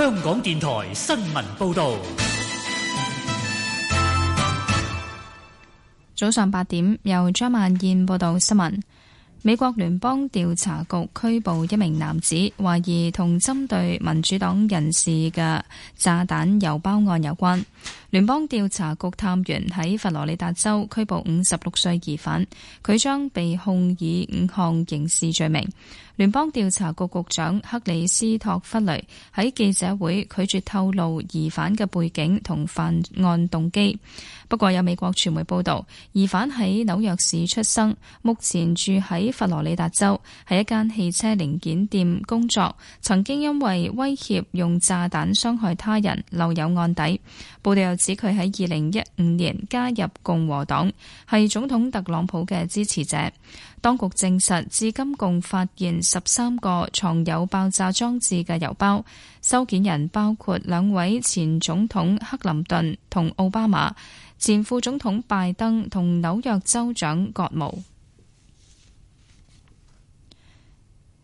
香港電台新聞報道，早上八點，由張萬燕報道新聞。美國聯邦調查局拘捕一名男子，懷疑同針對民主黨人士嘅炸彈郵包案有關。聯邦調查局探員喺佛羅里達州拘捕五十六歲疑犯，佢將被控以五項刑事罪名。聯邦調查局局長克里斯托弗雷喺記者會拒絕透露疑犯嘅背景同犯案動機。不過有美國傳媒報道，疑犯喺紐約市出生，目前住喺佛羅里達州，喺一間汽車零件店工作，曾經因為威脅用炸彈傷害他人，留有案底。報道又指佢喺二零一五年加入共和黨，係總統特朗普嘅支持者。當局證實，至今共發現十三個藏有爆炸裝置嘅郵包，收件人包括兩位前總統克林頓同奧巴馬、前副總統拜登同紐約州長葛謨。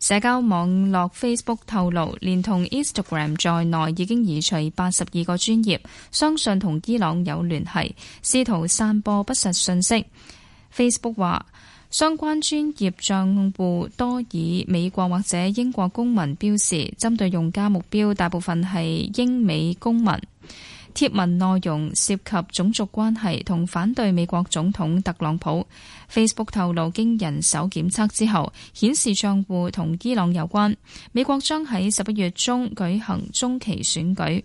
社交網絡 Facebook 透露，連同 Instagram 在內已經移除八十二個專頁，相信同伊朗有聯繫，試圖散播不實信息。Facebook 話，相關專頁帳戶多以美國或者英國公民標示，針對用家目標大部分係英美公民，貼文內容涉及種族關係同反對美國總統特朗普。Facebook 透露，經人手檢測之後，顯示賬戶同伊朗有關。美國將喺十一月中舉行中期選舉。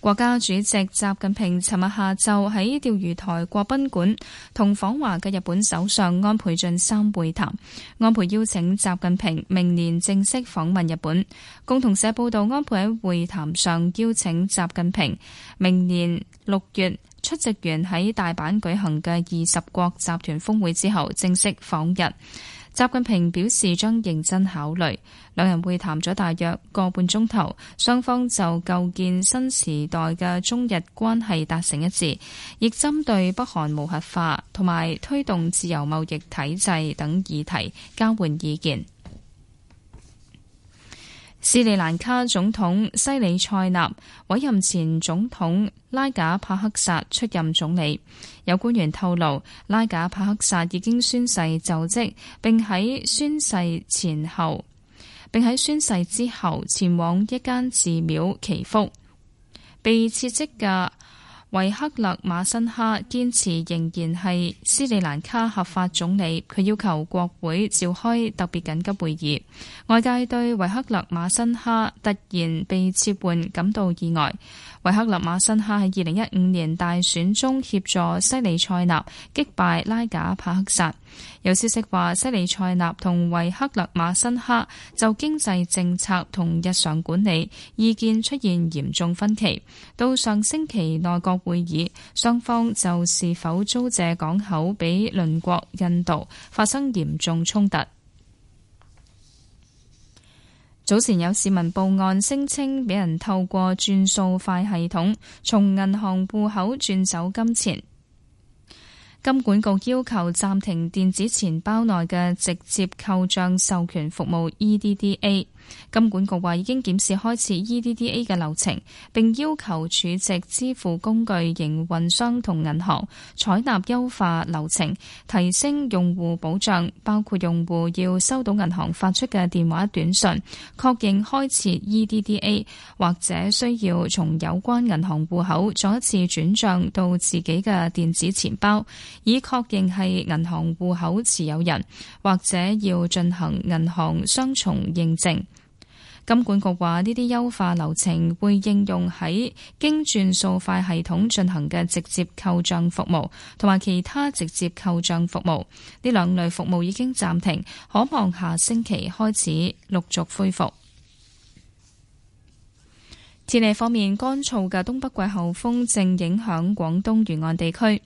國家主席習近平尋日下晝喺釣魚台國賓館同訪華嘅日本首相安倍晉三會談。安倍邀請習近平明年正式訪問日本。共同社報道，安倍喺會談上邀請習近平明年六月。出席完喺大阪舉行嘅二十國集團峰會之後正式訪日。習近平表示，將認真考慮，兩人會談咗大約個半鐘頭，雙方就構建新時代嘅中日關係達成一致，亦針對北韓無核化同埋推動自由貿易體制等議題交換意見。斯里蘭卡總統西里塞納委任前總統拉賈帕克薩出任總理。有官員透露，拉賈帕克薩已經宣誓就職，並喺宣誓前後並喺宣誓之後前往一間寺廟祈福。被撤職嘅。維克勒馬辛哈堅持仍然係斯里蘭卡合法總理，佢要求國會召開特別緊急會議。外界對維克勒馬辛哈突然被撤換感到意外。維克勒馬辛哈喺二零一五年大選中協助西里塞納擊敗拉賈帕克薩。有消息話，西里塞納同維克勒馬辛哈就經濟政策同日常管理意見出現嚴重分歧。到上星期內閣會議，雙方就是否租借港口俾鄰國印度發生嚴重衝突。早前有市民報案，聲稱俾人透過轉數快系統從銀行戶口轉走金錢。金管局要求暫停電子錢包內嘅直接扣賬授權服務 EDDA。金管局話已經檢視開設 eDDA 嘅流程，並要求儲值支付工具營運商同銀行採納優化流程，提升用戶保障。包括用戶要收到銀行發出嘅電話短信，確認開設 eDDA，或者需要從有關銀行戶口再一次轉賬到自己嘅電子錢包，以確認係銀行戶口持有人，或者要進行銀行雙重認證。金管局話：呢啲優化流程會應用喺經轉數快系統進行嘅直接扣賬服務，同埋其他直接扣賬服務。呢兩類服務已經暫停，可望下星期開始陸續恢復。天氣方面，乾燥嘅東北季候風正影響廣東沿岸地區。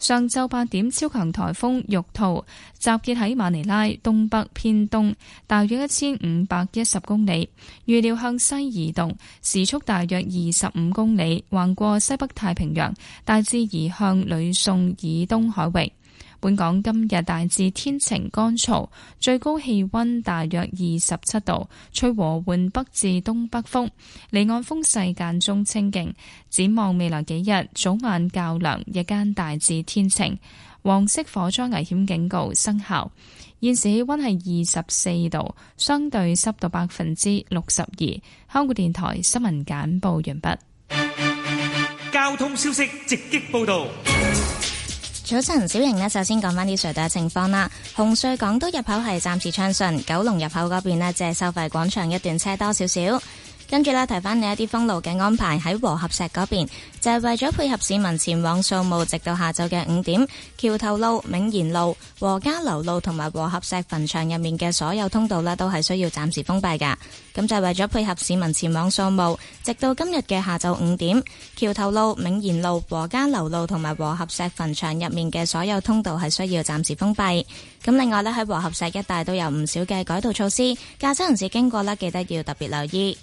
上晝八點，超強颱風玉兔集結喺馬尼拉東北偏東，大約一千五百一十公里，預料向西移動，時速大約二十五公里，橫過西北太平洋，大致移向呂宋以東海域。本港今日大致天晴乾燥，最高氣溫大約二十七度，吹和緩北至東北風，離岸風勢間中清勁。展望未來幾日，早晚較涼，日間大致天晴。黃色火災危險警告生效。現時氣溫係二十四度，相對濕度百分之六十二。香港電台新聞簡報完畢。交通消息直擊報道。早晨，小瑩呢，首先講翻啲隧道嘅情況啦。紅隧港島入口係暫時暢順，九龍入口嗰邊呢，即係收費廣場一段車多少少。跟住啦，提翻你一啲封路嘅安排。喺和合石嗰邊，就係為咗配合市民前往掃墓，直到下晝嘅五點，橋頭路、銘賢路、和家樓路同埋和合石墳場入面嘅所有通道呢都係需要暫時封閉噶。咁就係為咗配合市民前往掃墓，直到今日嘅下晝五點，橋頭路、銘賢路、和家樓路同埋和合石墳場入面嘅所有通道係需要暫時封閉。咁另外咧，喺和合石一帶都有唔少嘅改道措施，駕車人士經過啦，記得要特別留意。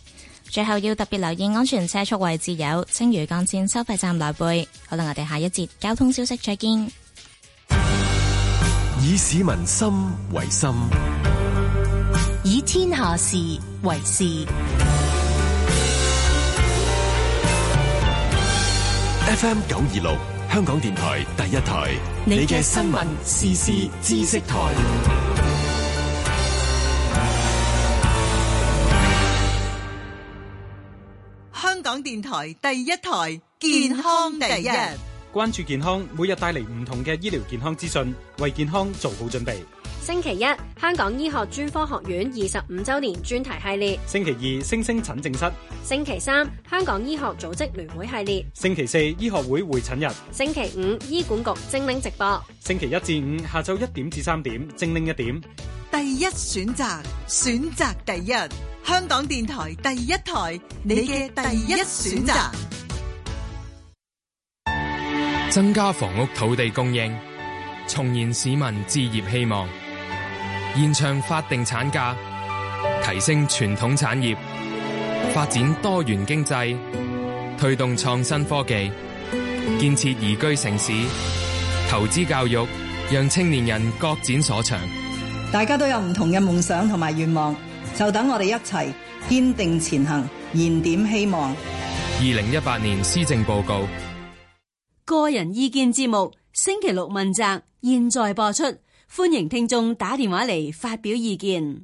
最後要特別留意安全車速位置有青嶼幹線收費站內背好啦，我哋下一節交通消息再見。以市民心為心，以天下事為事。FM 九二六，香港電台第一台，你嘅新聞、時事、知識台。港電台第一台，健康第一。關注健康，每日帶嚟唔同嘅醫療健康資訊，為健康做好準備。星期一，香港醫學專科學院二十五周年專題系列。星期二，星星診症室。星期三，香港醫學組織聯會系列。星期四，醫學會會診日。星期五，醫管局精靈直播。星期一至五下晝一點至三點，精靈一點。第一選擇，選擇第一。香港電台第一台，你嘅第一選擇。增加房屋土地供應，重現市民置業希望；延長法定產假，提升傳統產業；發展多元經濟，推動創新科技；建設宜居城市，投資教育，讓青年人各展所長。大家都有唔同嘅夢想同埋願望。就等我哋一齊堅定前行，燃點希望。二零一八年施政報告，個人意見節目，星期六問責，現在播出，歡迎聽眾打電話嚟發表意見。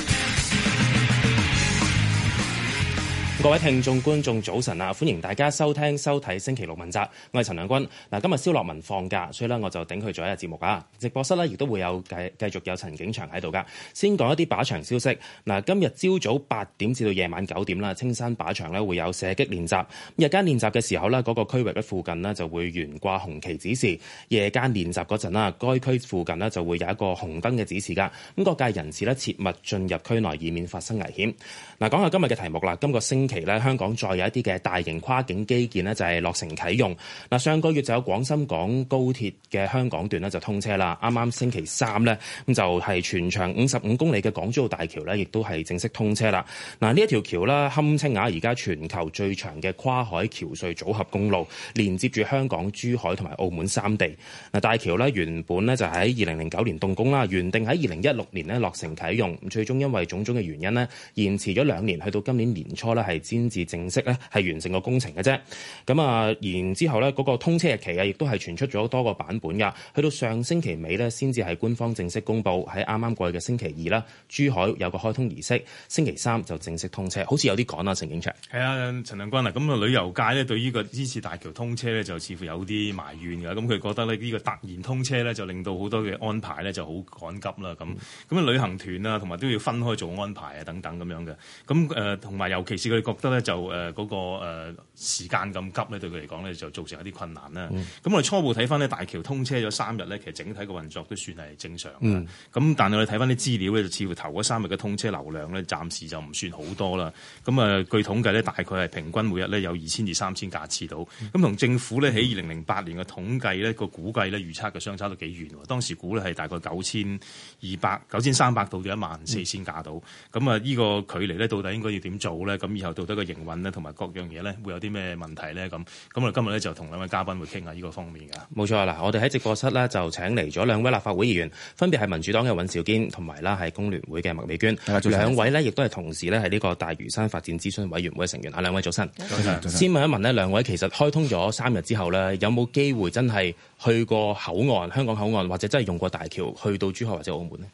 各位聽眾、觀眾，早晨啊！歡迎大家收聽、收睇《星期六問責》，我係陳亮君。嗱，今日蕭樂文放假，所以咧我就頂佢做一日節目啊！直播室呢，亦都會有繼繼續有陳景祥喺度噶。先講一啲靶場消息。嗱，今日朝早八點至到夜晚九點啦，青山靶場呢會有射擊練習。日間練習嘅時候呢，嗰個區域嘅附近呢就會懸掛紅旗指示，夜間練習嗰陣啦，該區附近呢就會有一個紅燈嘅指示噶。咁各界人士呢，切勿進入區內，以免發生危險。嗱，講下今日嘅題目啦，今個星期咧，香港再有一啲嘅大型跨境基建呢，就係落成啟用。嗱，上個月就有廣深港高鐵嘅香港段呢，就通車啦。啱啱星期三呢，咁就係全長五十五公里嘅港珠澳大橋呢，亦都係正式通車啦。嗱，呢一條橋呢，堪稱啊而家全球最長嘅跨海橋隧組合公路，連接住香港、珠海同埋澳門三地。嗱，大橋呢，原本呢，就喺二零零九年動工啦，原定喺二零一六年呢落成啟用，最終因為種種嘅原因呢，延遲咗兩年，去到今年年初呢。係。先至正式咧，係完成個工程嘅啫。咁啊，然之後咧，嗰、那個通車日期啊，亦都係傳出咗多個版本噶。去到上星期尾呢，先至係官方正式公布。喺啱啱過去嘅星期二啦，珠海有個開通儀式，星期三就正式通車。好似有啲趕啊，陳景祥。係啊，陳亮君啊，咁啊，旅遊界呢，對呢個於是大橋通車呢，就似乎有啲埋怨㗎。咁佢覺得咧，呢個突然通車呢，就令到好多嘅安排呢就好趕急啦。咁咁啊，旅行團啊，同埋都要分開做安排啊，等等咁樣嘅。咁誒，同、呃、埋尤其是佢、那個覺得咧就誒嗰、呃那個誒。呃時間咁急咧，對佢嚟講咧就造成一啲困難啦。咁、嗯、我哋初步睇翻呢，大橋通車咗三日咧，其實整體嘅運作都算係正常咁、嗯、但係我哋睇翻啲資料咧，就似乎頭嗰三日嘅通車流量咧，暫時就唔算好多啦。咁啊、呃，據統計咧，大概係平均每日咧有二千至三千架次到。咁同、嗯、政府咧喺二零零八年嘅統計呢，個估計咧預測嘅相差都幾遠喎？當時估咧係大概九千二百、九千三百到咗一萬四千架到。咁啊，呢個距離咧到底應該要點做咧？咁以後到底個營運呢，同埋各樣嘢咧會有啲咩問題呢？咁咁我今日咧就同兩位嘉賓會傾下呢個方面㗎。冇錯啦，我哋喺直播室呢，就請嚟咗兩位立法會議員，分別係民主黨嘅尹兆堅同埋啦，係工聯會嘅麥美娟。兩位呢，亦都係同時咧係呢個大嶼山發展諮詢委員會成員。啊，兩位早晨。早晨。早晨。先問一問呢兩位，其實開通咗三日之後呢，有冇機會真係去過口岸、香港口岸，或者真係用過大橋去到珠海或者澳門呢？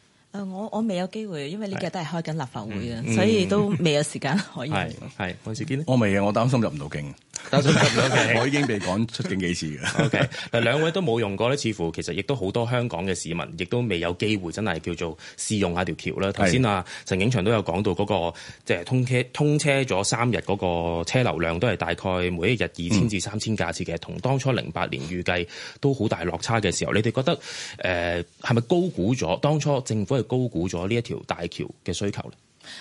我我未有機會，因為呢幾日都係開緊立法會嘅，嗯嗯、所以都未有時間 可以。係係，下次見咧。我未嘅，我擔心入唔到境。但係 我已經被趕出境幾次嘅。O K，兩位都冇用過呢，似乎其實亦都好多香港嘅市民，亦都未有機會真係叫做試用下條橋啦。頭先啊，是的 陳景祥都有講到嗰、嗰個即係通車，通車咗三日嗰個車流量都係大概每一日二千至三千架次嘅，嗯、同當初零八年預計都好大落差嘅時候，你哋覺得誒係咪高估咗？當初政府係高估咗呢一條大橋嘅需求呢？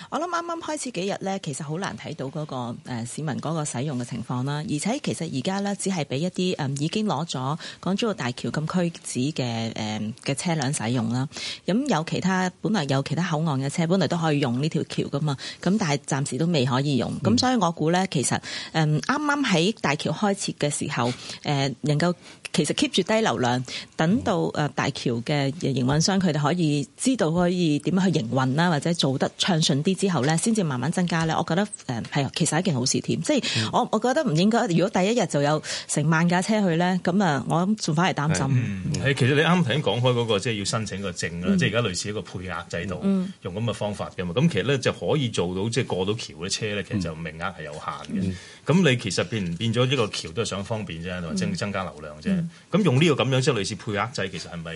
我諗啱啱開始幾日咧，其實好難睇到嗰個誒市民嗰個使用嘅情況啦。而且其實而家咧，只係俾一啲誒已經攞咗港珠澳大橋咁區止嘅誒嘅車輛使用啦。咁有其他本來有其他口岸嘅車，本來都可以用呢條橋噶嘛。咁但係暫時都未可以用。咁、嗯、所以我估咧，其實誒啱啱喺大橋開設嘅時候，誒能夠其實 keep 住低流量，等到誒大橋嘅營運商佢哋可以知道可以點樣去營運啦，或者做得暢順。啲之後咧，先至慢慢增加咧。我覺得誒係、嗯、其實係一件好事添，即係、嗯、我我覺得唔應該。如果第一日就有成萬架車去咧，咁啊，我諗仲反而擔心。係、嗯嗯、其實你啱啱頭先講開嗰個，即、就、係、係、要申請個證啦，嗯、即係而家類似一個配額制度，嗯、用咁嘅方法嘅嘛。咁其實咧就可以做到，即係過到橋嘅車咧，其實就名額係有限嘅。咁、嗯、你其實變唔變咗一個橋都係想方便啫，同埋增增加流量啫。咁、嗯嗯、用呢個咁樣即係類似配額制，其實係咪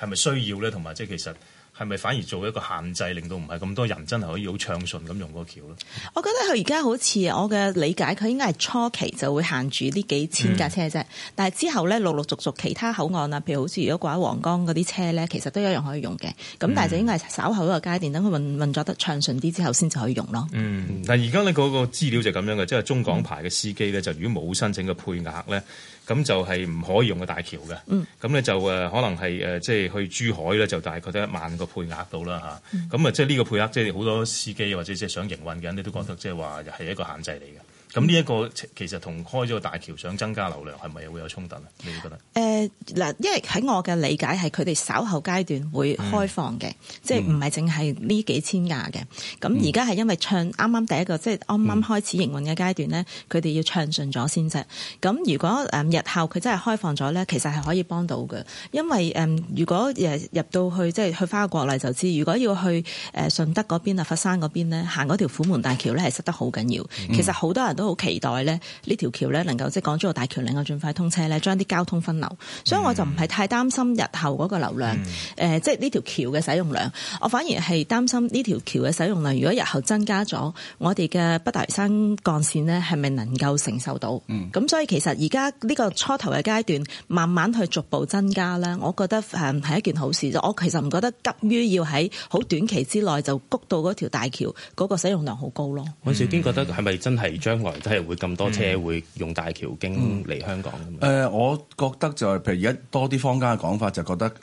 係咪需要咧？同埋即係其實。係咪反而做一個限制，令到唔係咁多人真係可以好暢順咁用個橋咧？我覺得佢而家好似我嘅理解，佢應該係初期就會限住呢幾千架車啫。嗯、但係之後咧，陸陸續續其他口岸啊，譬如好似如果過喺黃江嗰啲車咧，其實都一樣可以用嘅。咁但係就應該係稍後一個階段，等佢運運作得暢順啲之後，先就可以用咯。嗯，但係而家呢嗰個資料就咁樣嘅，即、就、係、是、中港牌嘅司機咧，嗯、就如果冇申請嘅配額咧。咁就係唔可以用個大橋嘅。咁咧、嗯、就可能係誒即係去珠海咧，就大概得一萬個配額到啦，嚇，咁啊即係呢個配額，即係好多司機或者即係想營運嘅人，你都覺得即係話係一個限制嚟嘅。咁呢一個其實同開咗個大橋想增加流量，係咪會有衝突咧？你覺得？嗱、呃，因為喺我嘅理解係佢哋稍後階段會開放嘅，嗯、即係唔係淨係呢幾千架嘅。咁而家係因為唱啱啱第一個，即係啱啱開始營運嘅階段咧，佢哋、嗯、要唱順咗先啫。咁如果日後佢真係開放咗咧，其實係可以幫到嘅，因為如果入到去即係去翻國內就知，如果要去誒順德嗰邊啊、佛山嗰邊咧，行嗰條虎門大橋咧係塞得好緊要。嗯、其實好多人都～好期待咧，呢條橋咧能夠即係港珠澳大橋能夠盡快通車咧，將啲交通分流，所以我就唔係太擔心日後嗰個流量，誒、嗯，即係呢條橋嘅使用量。我反而係擔心呢條橋嘅使用量，如果日後增加咗，我哋嘅北大嶼山幹線呢係咪能夠承受到？咁、嗯、所以其實而家呢個初頭嘅階段，慢慢去逐步增加啦。我覺得誒係一件好事，我其實唔覺得急於要喺好短期之內就谷到嗰條大橋嗰、嗰個使用量好高咯。嗯、尹兆堅覺得係咪真係將？即係會咁多車會用大橋經嚟香港。誒、嗯嗯呃，我覺得就係、是、譬如而家多啲坊間嘅講法，就覺得誒，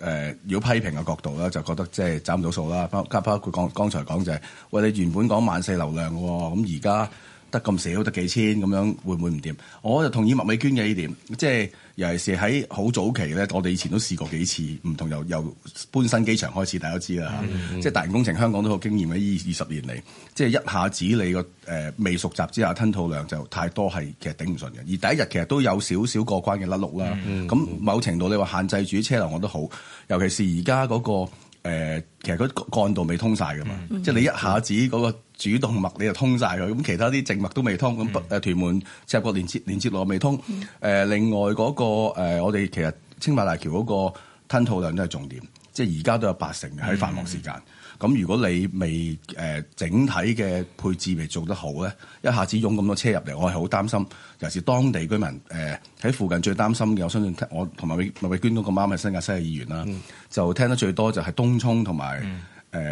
要、呃、批評嘅角度啦，就覺得即係斬唔到數啦。加包括剛剛才講就係，喂，你原本講萬四流量嘅喎，咁而家。得咁少得幾千咁樣會唔會唔掂？我就同意麥美娟嘅呢點，即係尤其是喺好早期咧，我哋以前都試過幾次，唔同由由搬新機場開始，大家都知啦、嗯嗯、即係大型工程，香港都好經驗喺二二十年嚟，即係一下子你個、呃、未熟習之下，吞吐量就太多，係其實頂唔順嘅。而第一日其實都有少少過關嘅甩碌啦。咁、嗯嗯嗯、某程度你話限制住車流我都好，尤其是而家嗰個。誒、呃，其實嗰幹道未通晒噶嘛，嗯、即係你一下子嗰個主動脈你就通晒佢，咁、嗯、其他啲靜脈都未通，咁誒、嗯、屯門、赤鱲角連接連接路未通，誒、嗯呃、另外嗰、那個、呃、我哋其實青馬大橋嗰個吞吐量都係重點，即係而家都有八成喺繁忙時間。嗯嗯咁如果你未、呃、整體嘅配置未做得好咧，一下子湧咁多車入嚟，我係好擔心。尤其是當地居民喺、呃、附近最擔心嘅，我相信我同埋麥麥美娟都咁啱係新界西嘅議員啦，嗯、就聽得最多就係東涌同埋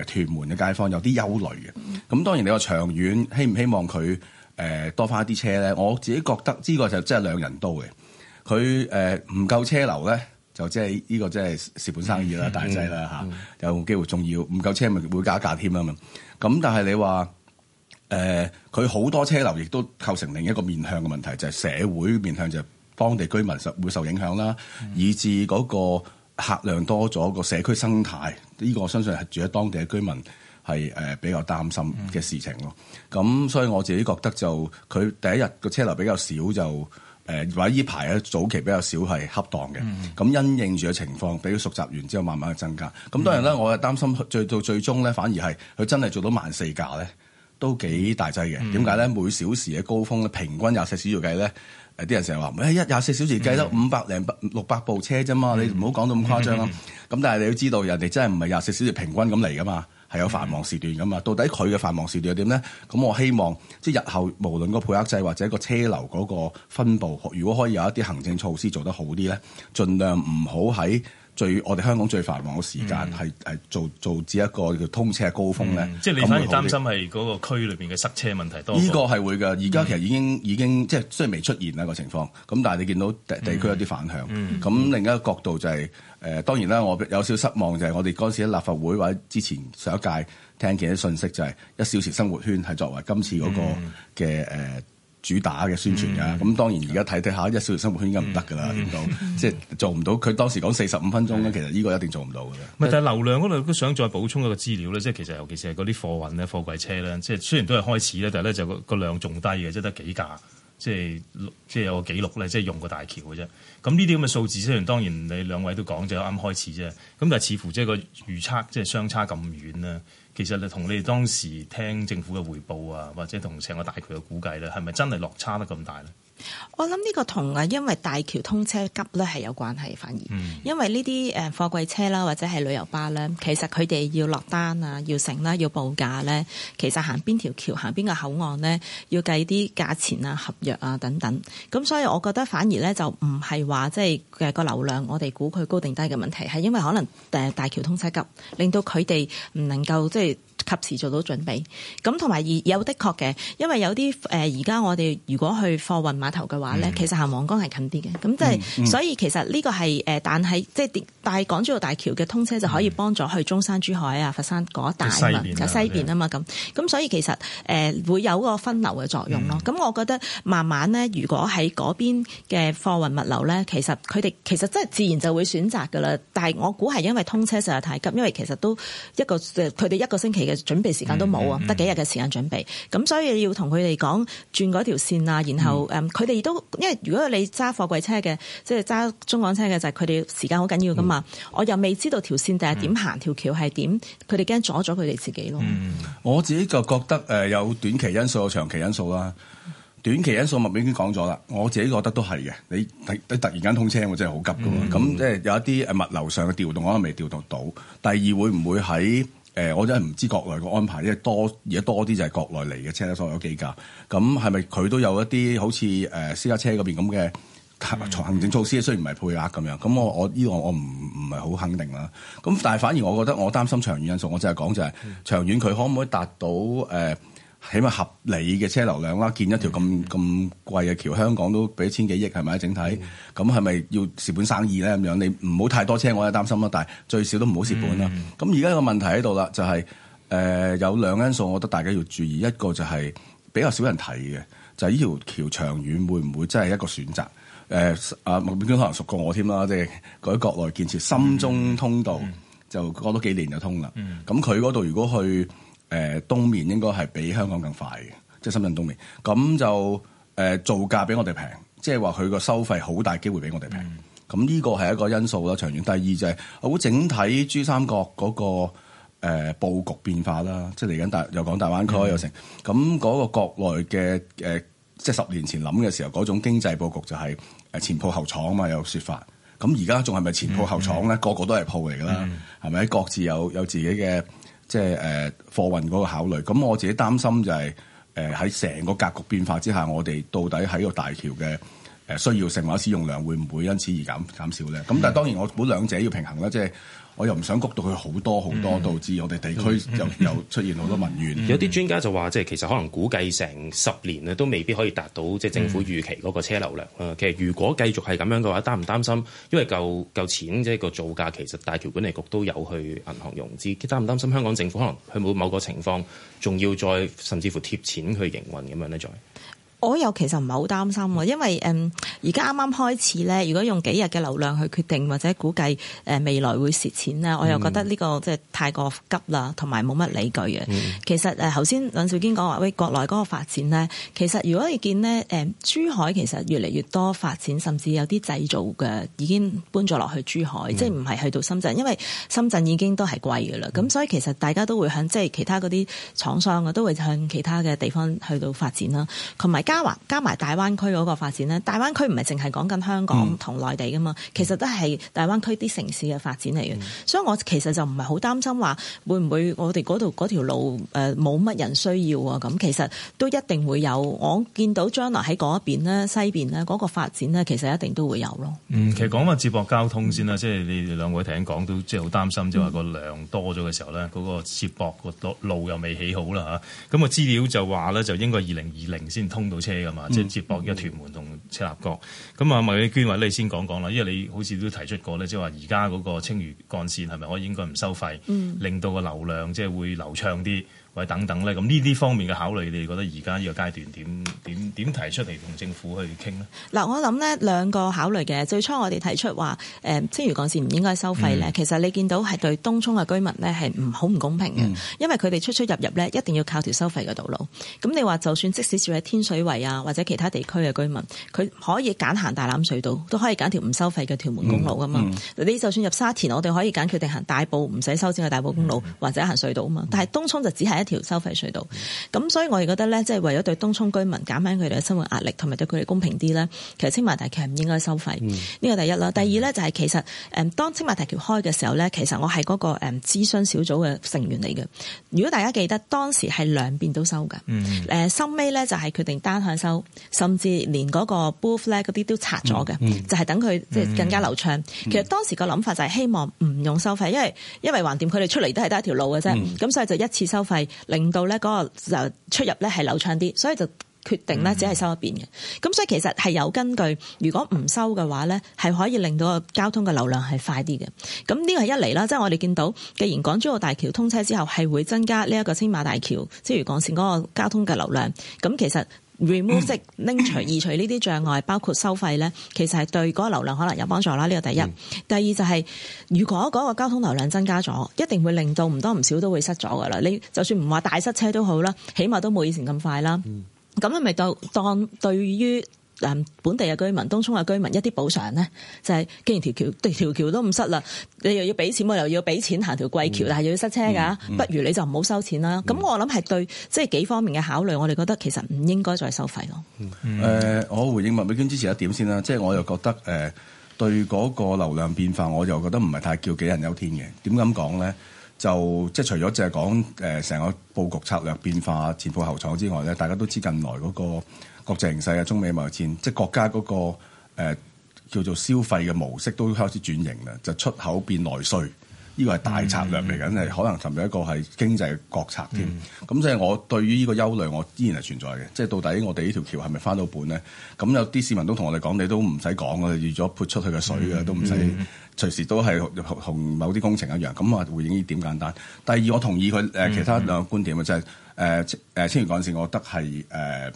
屯門嘅街坊有啲憂慮嘅。咁、嗯嗯、當然你話長遠希唔希望佢、呃、多翻一啲車咧？我自己覺得呢、這個就真係兩刃刀嘅。佢唔夠車流咧。就即係呢、這個即係蝕本生意啦，大劑啦吓， 有機會仲要唔夠車咪會加價添啦嘛。咁但係你話誒，佢、呃、好多車流亦都構成另一個面向嘅問題，就係、是、社會面向就當地居民受會受影響啦， 以至嗰個客量多咗個社區生態，呢、這個我相信係住喺當地嘅居民係誒比較擔心嘅事情咯。咁 所以我自己覺得就佢第一日個車流比較少就。誒或者依排咧早期比較少係恰當嘅，咁、嗯、因應住嘅情況，俾佢熟習完之後慢慢去增加。咁當然啦，嗯、我就擔心最到最終咧，反而係佢真係做到萬四架咧，都幾大劑嘅。點解咧？每小時嘅高峰咧，平均廿四小時計咧，啲人成日話，誒一廿四小時計得五百零百六百部車啫嘛，嗯、你唔好講到咁誇張啦、啊。咁、嗯嗯、但係你要知道，人哋真係唔係廿四小時平均咁嚟噶嘛。係有繁忙時段㗎嘛。到底佢嘅繁忙時段係點咧？咁我希望即係日後無論個配額制或者個車流嗰個分布，如果可以有一啲行政措施做得好啲咧，盡量唔好喺。最我哋香港最繁忙嘅時間係係、嗯、做做至一個叫通車高峰。咧、嗯，即係你反而擔心係嗰個區裏面嘅塞車問題多。呢個係會㗎。而家其實已經、嗯、已經即係雖然未出現啦、嗰個情況，咁但係你見到地地區有啲反響。咁、嗯嗯、另一個角度就係、是、誒、呃、當然啦，我有少失望就係我哋嗰陣時喺立法會或者之前上一屆聽見啲信息就係一小時生活圈係作為今次嗰個嘅誒。嗯呃主打嘅宣傳㗎，咁、嗯、當然而家睇睇下一小時生活圈應該唔得㗎啦，點講、嗯？即係、嗯、做唔到，佢當時講四十五分鐘咧，的其實呢個一定做唔到㗎。唔但係流量嗰度都想再補充一個資料咧，即係其實尤其是係嗰啲貨運咧、貨櫃車咧，即係雖然都係開始咧，但係咧就個量仲低嘅，即係得幾架。即係即係有個記錄咧，即係用過大橋嘅啫。咁呢啲咁嘅數字，雖然當然你兩位都講就啱開始啫。咁但係似乎即係個預測，即係相差咁遠啦。其實你同你哋當時聽政府嘅回報啊，或者同成個大橋嘅估計咧，係咪真係落差得咁大咧？我諗呢個同啊，因為大橋通車急咧係有關係，反而，因為呢啲誒貨櫃車啦，或者係旅遊巴咧，其實佢哋要落單啊，要成啦，要報價咧，其實行邊條橋，行邊個口岸咧，要計啲價錢啊、合約啊等等。咁所以我覺得反而咧，就唔係話即係嘅個流量，我哋估佢高定低嘅問題，係因為可能誒大橋通車急，令到佢哋唔能夠即係。及時做到準備，咁同埋有啲確嘅，因為有啲誒而家我哋如果去貨運碼頭嘅話咧，mm. 其實行黃江係近啲嘅，咁即係所以其實呢個係誒，但係即係大港珠澳大橋嘅通車就可以幫咗去中山、珠海啊、佛山嗰一帶、mm. 西邊啊嘛咁，咁樣所以其實誒、呃、會有個分流嘅作用咯。咁、mm. 我覺得慢慢咧，如果喺嗰邊嘅貨運物流咧，其實佢哋其實真係自然就會選擇噶啦。但係我估係因為通車實在太急，因為其實都一個佢哋一個星期嘅。準備時間都冇啊，得幾日嘅時間準備，咁、嗯嗯、所以要同佢哋講轉嗰條線啊，然後誒，佢哋、嗯、都因為如果你揸貨櫃車嘅，即係揸中港車嘅，就係佢哋時間好緊要噶嘛。嗯、我又未知道條線定係點行，條橋係點，佢哋驚阻咗佢哋自己咯、嗯。我自己就覺得誒，有短期因素，有長期因素啦。短期因素，美娟已經講咗啦，我自己覺得都係嘅。你突然間通車，我真係好急噶嘛。咁、嗯、即係有一啲誒物流上嘅調動可能未調動到。第二會唔會喺？誒、呃，我真係唔知國內個安排，因為多而家多啲就係國內嚟嘅車，咧所有幾架，咁係咪佢都有一啲好似誒、呃、私家車嗰邊咁嘅行行政措施，嗯、雖然唔係配額咁樣，咁我我呢、呢個我唔唔係好肯定啦。咁但係反而我覺得我擔心長遠因素，我就係講就係長遠佢可唔可以達到誒、呃起碼合理嘅車流量啦，建一條咁咁貴嘅橋，香港都俾千幾億係咪？整體咁係咪要蝕本生意咧？咁樣你唔好太多車，我係擔心啦。但係最少都唔好蝕本啦。咁而家個問題喺度啦，就係、是、誒、呃、有兩因素，我覺得大家要注意，一個就係比較少人睇嘅，就係、是、呢條橋長遠會唔會真係一個選擇？誒、呃、啊！麥美娟可能熟過我添啦，即係嗰啲國內建設，深中通道、mm hmm. 就過多幾年就通啦。咁佢嗰度如果去。誒，東面應該係比香港更快嘅，即係深圳東面。咁就誒、呃，造價比我哋平，即係話佢個收費好大機會比我哋平。咁呢、嗯、個係一個因素啦，長遠。第二就係好整體珠三角嗰、那個誒、呃、佈局變化啦，即係嚟緊大又講大灣區又成。咁嗰個國內嘅誒，即係十年前諗嘅時候嗰種經濟佈局就係誒前鋪後廠啊嘛，有說法。咁而家仲係咪前鋪後廠咧？嗯、個個都係鋪嚟噶啦，係咪、嗯？各自有有自己嘅。即係誒貨運嗰個考慮，咁我自己擔心就係誒喺成個格局變化之下，我哋到底喺個大橋嘅誒需要性或者使用量會唔會因此而減減少咧？咁的但係當然我估兩者要平衡啦，即係。我又唔想焗到佢好多好多道，導致、嗯、我哋地區又又出現好多民怨。嗯嗯、有啲專家就話，即係其實可能估計成十年咧，都未必可以達到即、係、政府預期嗰個車流量、嗯、其實如果繼續係咁樣嘅話，擔唔擔心？因為夠夠錢，即、就、係、是、個造價，其實大橋管理局都有去銀行融資。佢擔唔擔心香港政府可能佢冇某個情況，仲要再甚至乎貼錢去營運咁樣咧？再。我又其實唔係好擔心喎，因為誒而家啱啱開始咧，如果用幾日嘅流量去決定或者估計未來會蝕錢呢，我又覺得呢個即係太過急啦，同埋冇乜理據嘅。嗯、其實誒頭先尹兆堅講話喂，國內嗰個發展咧，其實如果你見咧誒珠海其實越嚟越多發展，甚至有啲製造嘅已經搬咗落去珠海，嗯、即係唔係去到深圳，因為深圳已經都係貴㗎啦。咁、嗯、所以其實大家都會向即係其他嗰啲廠商啊，都會向其他嘅地方去到發展啦，同埋加埋加埋大灣區嗰個發展咧，大灣區唔係淨係講緊香港同內地噶嘛，嗯、其實都係大灣區啲城市嘅發展嚟嘅，嗯、所以我其實就唔係好擔心話會唔會我哋嗰度嗰條路誒冇乜人需要啊，咁其實都一定會有。我見到將來喺嗰一邊咧，西邊咧嗰個發展咧，其實一定都會有咯。嗯，其實講翻接駁交通先啦，即係、嗯、你兩位聽講、嗯、都即係好擔心，即係話個量多咗嘅時候咧，嗰、嗰個接駁個路又未起好啦吓，咁、嗰、啊、個、資料就話咧，就應該二零二零先通到。嗯嗯、車噶嘛，即係接駁一屯門同赤鱲角。咁啊，麥美娟位你先講講啦，因為你好似都提出過咧，即係話而家嗰個青嶼幹線係咪可以應該唔收費，嗯、令到個流量即係會流暢啲。等等咧，咁呢啲方面嘅考慮，你哋覺得而家呢個階段點點點提出嚟同政府去傾呢？嗱，我諗呢兩個考慮嘅。最初我哋提出話，誒、嗯，青嶼幹線唔應該收費咧。嗯、其實你見到係對東涌嘅居民呢係唔好唔公平嘅，嗯、因為佢哋出出入入呢一定要靠條收費嘅道路。咁你話就算即使住喺天水圍啊或者其他地區嘅居民，佢可以揀行大欖隧道，都可以揀條唔收費嘅屯門公路啊嘛。嗯嗯、你就算入沙田，我哋可以揀決定行大埔唔使收錢嘅大埔公路，嗯、或者行隧道啊嘛。但係東涌就只係一一條收費隧道，咁所以我哋覺得咧，即係為咗對東涌居民減輕佢哋嘅生活壓力，同埋對佢哋公平啲咧，其實青馬大橋係唔應該收費，呢個、嗯、第一啦。第二咧、嗯、就係其實，誒，當青馬大橋開嘅時候咧，其實我係嗰個誒諮詢小組嘅成員嚟嘅。如果大家記得當時係兩邊都收嘅，誒、嗯，收尾咧就係決定單向收，甚至連嗰個 booth 咧嗰啲都拆咗嘅，嗯嗯、就係等佢即係更加流暢。嗯、其實當時個諗法就係希望唔用收費，因為因為橫掂佢哋出嚟都係得一條路嘅啫，咁、嗯、所以就一次收費。令到咧嗰個就出入咧係流暢啲，所以就決定咧只係收一邊嘅。咁、嗯、所以其實係有根據。如果唔收嘅話咧，係可以令到個交通嘅流量係快啲嘅。咁呢個係一嚟啦，即係我哋見到，既然港珠澳大橋通車之後係會增加呢一個青馬大橋，即係港線嗰個交通嘅流量，咁、嗯、其實。remove、拎除、移除呢啲障礙，包括收費咧，其實係對嗰個流量可能有幫助啦。呢個第一，嗯、第二就係、是、如果嗰個交通流量增加咗，一定會令到唔多唔少都會塞咗噶啦。你就算唔話大塞車都好啦，起碼都冇以前咁快啦。咁咧咪到當對於。本地嘅居民、東涌嘅居民一啲補償咧，就係、是、既然條橋條橋都唔塞啦，你又要俾錢，我又要俾錢行條貴橋，嗯、但係又要塞車噶，嗯、不如你就唔好收錢啦。咁、嗯、我諗係對，即、就、係、是、幾方面嘅考慮，我哋覺得其實唔應該再收費咯。誒、嗯嗯呃，我回應麥美娟之前一點先啦，即係我又覺得誒、呃，對嗰個流量變化，我又覺得唔係太叫杞人憂天嘅。點咁講咧？就即係除咗淨係講誒成個佈局策略變化前舖後廠之外咧，大家都知近來嗰、那個。國際形勢啊，中美貿易戰，即係國家嗰、那個、呃、叫做消費嘅模式都開始轉型啦，就出口變內需，呢、這個係大策略嚟緊，係、mm hmm. 可能甚至一個係經濟嘅國策添。咁即係我對於呢個憂慮，我依然係存在嘅。即係到底我哋呢條橋係咪翻到本咧？咁有啲市民都同我哋講，你都唔使講我哋預咗潑出去嘅水、mm hmm. 都唔使、mm hmm. 隨時都係同某啲工程一樣咁啊。回應呢點簡單。第二，我同意佢、呃、其他兩個觀點啊，mm hmm. 就係誒誒先講港我覺得係誒。呃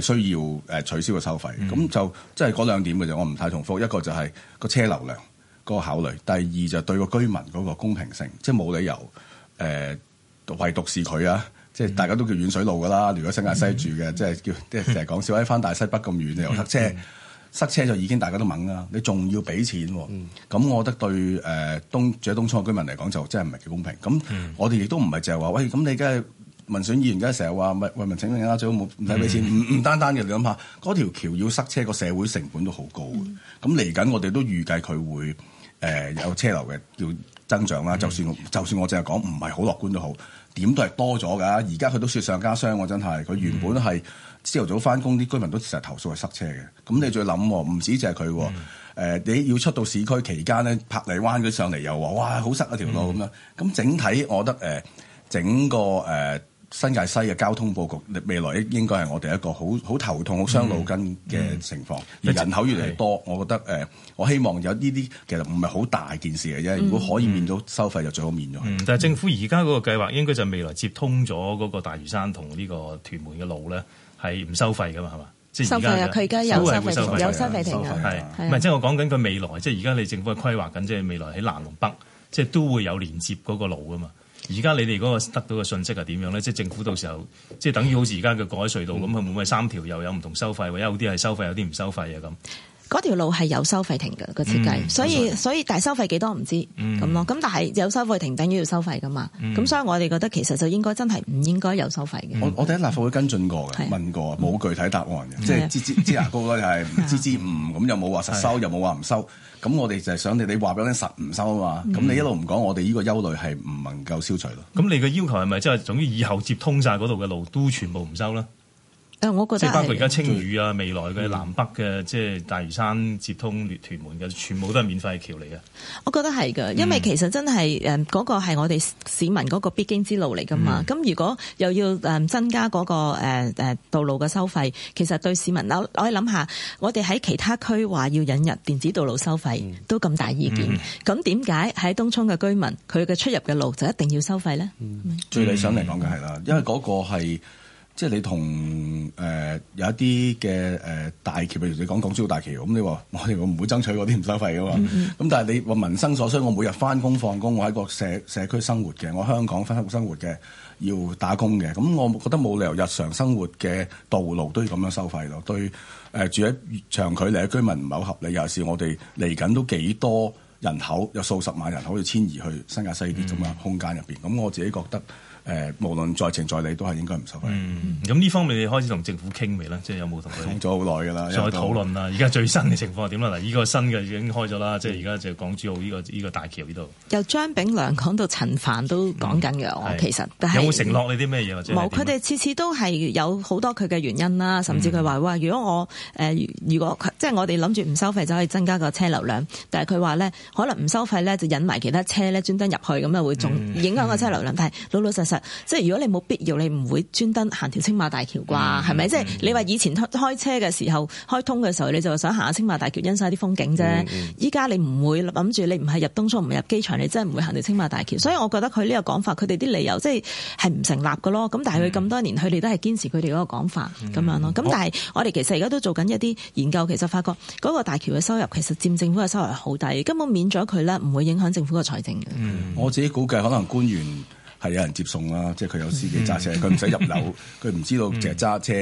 係需要誒取消個收費，咁、嗯、就即係嗰兩點嘅就我唔太重複。一個就係個車流量嗰、那個考慮，第二就對個居民嗰個公平性，即係冇理由誒、呃、唯獨是佢啊！即係大家都叫遠水路噶啦。嗯、如果新界西住嘅、嗯，即係叫即係成日講小威返大西北咁遠又塞車，嗯、塞車就已經大家都猛啦。你仲要俾錢、哦，咁、嗯、我覺得對誒、呃、東主要東涌嘅居民嚟講就真係唔係幾公平。咁、嗯、我哋亦都唔係淨係話喂，咁你梗係。民選議員梗係成日話咪為民請命啦，最好冇唔使俾錢，唔唔、嗯、單單嘅，你諗下，嗰條橋要塞車，個社會成本都好高。咁嚟緊，嗯、我哋都預計佢會誒、呃、有車流嘅，叫增長啦、嗯。就算就算我淨係講唔係好樂觀都好，點都係多咗㗎。而家佢都雪上加霜。我真係佢原本係朝頭早翻工啲居民都成日投訴係塞車嘅。咁你再諗，唔止就係佢誒，你要出到市區期間咧，柏麗灣佢上嚟又話哇好塞啊條路咁、嗯、樣。咁整體我覺得誒、呃、整個誒。呃新界西嘅交通佈局，未來應該係我哋一個好好頭痛、好傷腦筋嘅情況。嗯嗯、而人口越嚟越多，是我覺得誒，我希望有呢啲，其實唔係好大件事嘅啫。嗯、如果可以免到收費，就最好免咗、嗯。但係政府而家嗰個計劃，應該就未來接通咗嗰個大嶼山同呢個屯門嘅路咧，係唔收費噶嘛？係嘛？即係而家都係會收費，有收費停靠。唔即係我講緊佢未來，即係而家你政府嘅規劃緊，即係未來喺南龍北，即係都會有連接嗰個路噶嘛？而家你哋嗰個得到嘅訊息係點樣咧？即係政府到時候，即係等於好似而家嘅改隧道咁，佢會唔會三條又有唔同收費，或者有啲係收費，有啲唔收費啊咁？嗰條路係有收費亭嘅個設計，所以所以但係收費幾多唔知咁咯。咁但係有收費亭等於要收費噶嘛。咁所以我哋覺得其實就應該真係唔應該有收費嘅。我我哋喺立法會跟進過嘅，問過冇具體答案嘅，即係支支支牙膏咯，又係支支唔咁，又冇話實收又冇話唔收。咁我哋就係想你，你話俾我聽實唔收啊嘛。咁你一路唔講，我哋呢個憂慮係唔能夠消除咯。咁你嘅要求係咪即係總之以後接通晒嗰度嘅路都全部唔收咧？誒，我覺得即係包括而家青嶼啊，嗯、未來嘅南北嘅即係大嶼山接通屯門嘅，全部都係免費橋嚟嘅。我覺得係噶，因為其實真係誒，嗰、嗯、個係我哋市民嗰個必經之路嚟噶嘛。咁、嗯、如果又要誒增加嗰個誒誒道路嘅收費，其實對市民我我哋諗下，我哋喺其他區話要引入電子道路收費，嗯、都咁大意見，咁點解喺東涌嘅居民佢嘅出入嘅路就一定要收費呢？嗯、最理想嚟講嘅係啦，嗯、因為嗰個係。即係你同誒、呃、有一啲嘅誒大橋，譬如你講廣珠大橋，咁你話我哋我唔會爭取嗰啲唔收費嘅嘛？咁、嗯、但係你話民生所需，我每日翻工放工，我喺個社社區生活嘅，我香港生活生活嘅，要打工嘅，咁我覺得冇理由日常生活嘅道路都要咁樣收費咯。對、呃、住喺長距離嘅居民唔係好合理。尤其是我哋嚟緊都幾多人口，有數十萬人口要遷移去新界西啲咁嘅空間入面。咁、嗯、我自己覺得。誒，無論在情在理，都係應該唔收費。嗯，咁呢方面你開始同政府傾未啦？即係有冇同佢傾咗好耐㗎啦，再有討論啦。而家最新嘅情況係點咧？嗱，依個新嘅已經開咗啦，即係而家就港珠澳呢個大橋呢度。由張炳良講到陳帆都講緊㗎，我其實有冇承諾你啲咩嘢？冇，佢哋次次都係有好多佢嘅原因啦，甚至佢話：哇，如果我誒如果即係我哋諗住唔收費就可以增加個車流量，但係佢話咧可能唔收費咧就引埋其他車咧專登入去，咁啊會仲影響個車流量。但係老老實實。即係，如果你冇必要，你唔會專登行條青馬大橋啩？係咪、嗯？即係、嗯、你話以前開車車嘅時候開通嘅時候，你就想行下青馬大橋，欣賞啲風景啫。依家、嗯嗯、你唔會諗住，你唔係入東涌，唔入機場，你真係唔會行條青馬大橋。所以我覺得佢呢個講法，佢哋啲理由即係係唔成立噶咯。咁但係佢咁多年，佢哋、嗯、都係堅持佢哋嗰個講法咁、嗯、樣咯。咁但係我哋其實而家都在做緊一啲研究，其實發覺嗰個大橋嘅收入其實佔政府嘅收入好低，根本免咗佢咧，唔會影響政府嘅財政嘅、嗯。我自己估計可能官員。係有人接送啦，即係佢有司機揸車，佢唔使入樓，佢唔 知道淨係揸車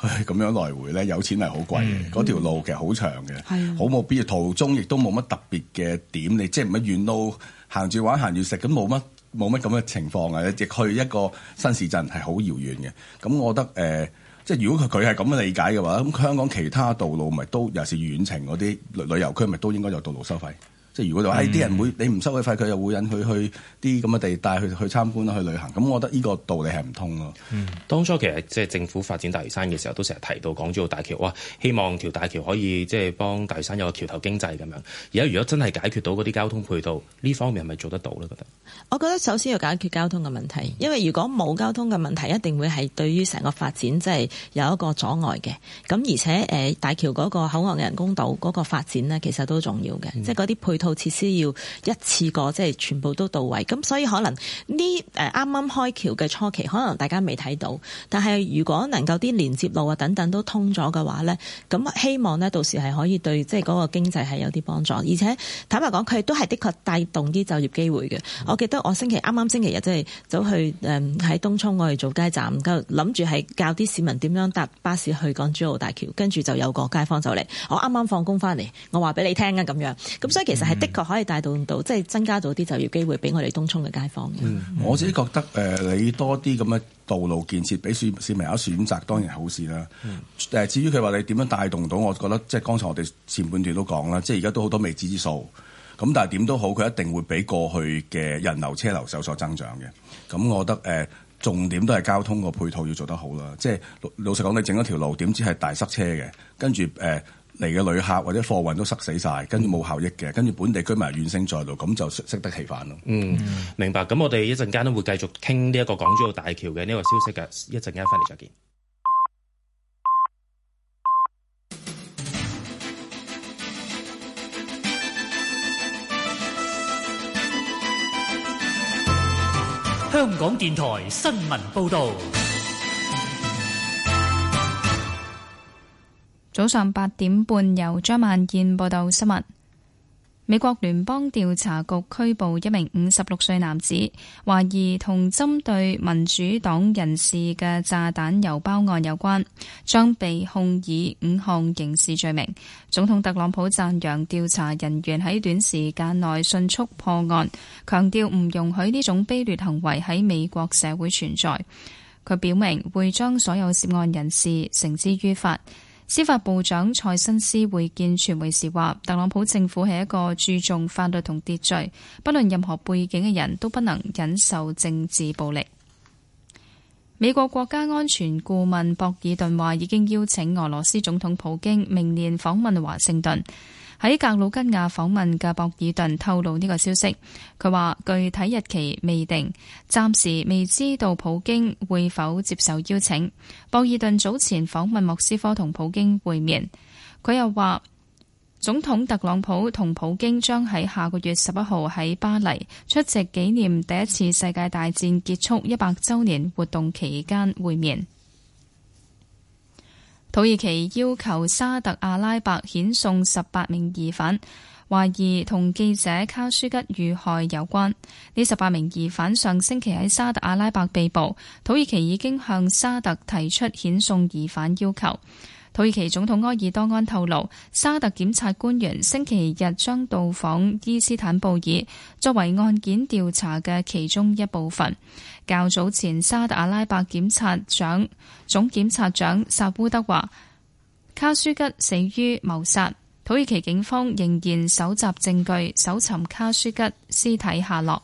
咁、mm. 樣來回咧。有錢係好貴嘅，嗰、mm. 條路其實好長嘅，好冇、mm. 必要。途中亦都冇乜特別嘅點，mm. 你即係唔係遠路行住玩，行住食咁，冇乜冇乜咁嘅情況啊？亦去一個新市鎮係好遙遠嘅，咁我覺得、呃、即係如果佢佢係咁嘅理解嘅話，咁香港其他道路咪都，尤其係遠程嗰啲旅遊區，咪都應該有道路收費。嗯、即係如果就誒啲人會你唔收佢費，佢又會引佢去啲咁嘅地帶去去參觀、去旅行。咁我覺得呢個道理係唔通咯。嗯，當初其實即係政府發展大嶼山嘅時候，都成日提到港珠澳大橋，哇！希望條大橋可以即係幫大嶼山有個橋頭經濟咁樣。而家如果真係解決到嗰啲交通配套呢方面，係咪做得到咧？覺得？我覺得首先要解決交通嘅問題，因為如果冇交通嘅問題，一定會係對於成個發展即係、就是、有一個阻礙嘅。咁而且誒、呃、大橋嗰個口岸嘅人工島嗰個發展呢，其實都重要嘅，嗯、即係嗰啲配套設施要一次過即係全部都到位，咁所以可能呢誒啱啱開橋嘅初期，可能大家未睇到。但係如果能夠啲連接路啊等等都通咗嘅話呢，咁希望呢到時係可以對即係嗰個經濟係有啲幫助，而且坦白講，佢都係的確帶動啲就業機會嘅。我記得我星期啱啱星期日即係走去誒喺東涌我哋做街站，就諗住係教啲市民點樣搭巴士去港珠澳大橋，跟住就有個街坊就嚟，我啱啱放工翻嚟，我話俾你聽啊咁樣。咁所以其實。係，是的確可以帶動到，即係增加到啲就業機會俾我哋東涌嘅街坊，嗯。嗯、我自己覺得，誒、呃，你多啲咁嘅道路建設，俾市市民有選擇，當然係好事啦。誒、嗯呃，至於佢話你點樣帶動到，我覺得即係剛才我哋前半段都講啦，即係而家都好多未知之數。咁但係點都好，佢一定會比過去嘅人流車流有所增長嘅。咁我覺得，誒、呃，重點都係交通個配套要做得好啦。即係老，老實講，你整一條路，點知係大塞車嘅，跟住誒。呃嚟嘅旅客或者貨運都塞死晒，跟住冇效益嘅，跟住本地居民怨聲載道，咁就適得其反咯。嗯，明白。咁我哋一陣間都會繼續傾呢一個港珠澳大橋嘅呢個消息嘅。一陣間翻嚟再見。香港電台新聞報道。早上八點半，由張曼燕報道新聞。美國聯邦調查局拘捕一名五十六歲男子，懷疑同針對民主黨人士嘅炸彈郵包案有關，將被控以五項刑事罪名。總統特朗普讚揚調查人員喺短時間內迅速破案，強調唔容許呢種卑劣行為喺美國社會存在。佢表明會將所有涉案人士繩之於法。司法部長塞辛斯會見傳媒時話，特朗普政府係一個注重法律同秩序，不論任何背景嘅人都不能忍受政治暴力。美國國家安全顧問博爾頓話，已經邀請俄羅斯總統普京明年訪問華盛頓。喺格魯吉亞訪問嘅博爾頓透露呢個消息，佢話具體日期未定，暫時未知道普京會否接受邀請。博爾頓早前訪問莫斯科同普京會面，佢又話總統特朗普同普京將喺下個月十一號喺巴黎出席紀念第一次世界大戰結束一百週年活動期間會面。土耳其要求沙特阿拉伯遣送十八名疑犯，懷疑同記者卡舒吉遇害有關。呢十八名疑犯上星期喺沙特阿拉伯被捕，土耳其已經向沙特提出遣送疑犯要求。土耳其總統埃爾多安透露，沙特檢察官員星期日將到訪伊斯坦布爾，作為案件調查嘅其中一部分。較早前，沙特阿拉伯檢察長、總檢察長薩烏德話，卡舒吉死於謀殺。土耳其警方仍然搜集證據，搜尋卡舒吉屍體下落。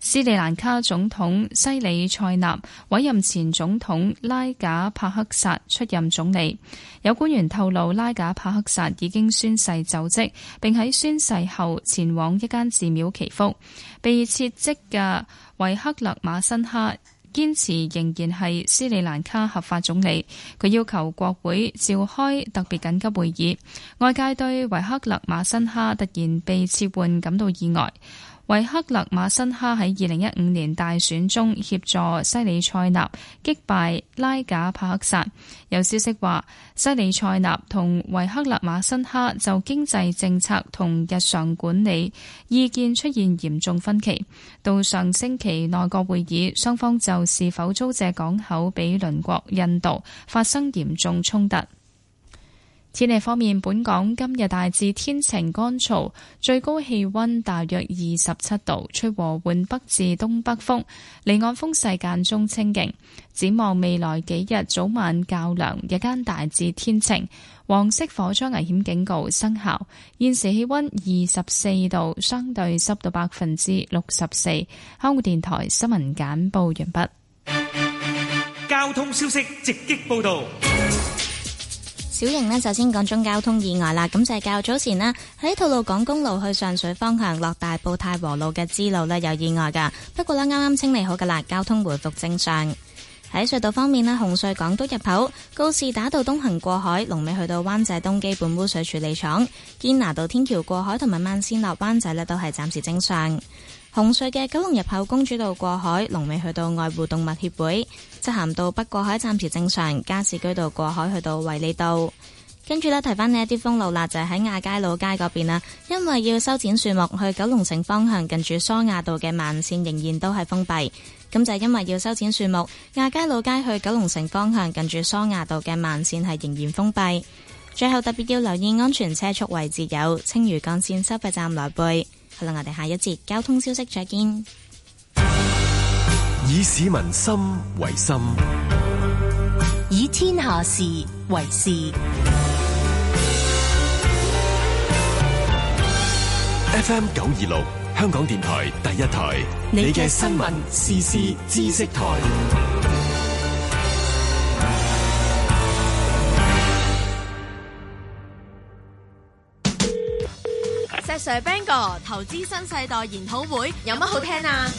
斯里蘭卡總統西里塞納委任前總統拉賈帕克薩出任總理。有官員透露，拉賈帕克薩已經宣誓就職，並喺宣誓後前往一間寺廟祈福。被撤職嘅維克勒馬辛哈堅持仍然係斯里蘭卡合法總理。佢要求國會召開特別緊急會議，外界對維克勒馬辛哈突然被撤換感到意外。維克勒馬辛哈喺二零一五年大選中協助西里塞納擊敗拉賈帕克薩。有消息話，西里塞納同維克勒馬辛哈就經濟政策同日常管理意見出現嚴重分歧。到上星期內閣會議，雙方就是否租借港口俾鄰國印度發生嚴重衝突。天氣方面，本港今日大致天晴乾燥，最高氣溫大約二十七度，吹和緩北至東北風，離岸風勢間中清勁。展望未來幾日早晚較涼，日間大致天晴。黃色火災危險警告生效。現時氣溫二十四度，相對濕度百分之六十四。香港電台新聞簡報完畢。交通消息直擊報道。小型呢就先講中交通意外啦。咁就係較早前啦，喺吐露港公路去上水方向落大埔太和路嘅支路呢，有意外噶，不過呢，啱啱清理好㗎啦，交通回復正常。喺隧道方面呢，紅隧港都入口、告士打道東行過海、龍尾去到灣仔東基本污水處理廠、堅拿道天橋過海同埋慢線落灣仔呢，都係暫時正常。紅隧嘅九龍入口、公主道過海、龍尾去到愛護動物協會，漆咸道北過海暫時正常。加士居道過海去到維里道，跟住呢，提翻呢一啲封路啦，就係喺亞皆老街嗰邊啦。因為要修剪樹木，去九龍城方向近住雙亞道嘅慢綫仍然都係封閉。咁就係、是、因為要修剪樹木，亞皆老街去九龍城方向近住雙亞道嘅慢綫係仍然封閉。最後特別要留意安全車速位置，有青嶼幹綫收費站來背。好啦，我哋下一節交通消息再見。以市民心為心，以天下事為事。FM 九二六，香港電台第一台，你嘅新聞、時事、知識台。s h r b a n g 投資新世代研討會有乜好聽啊？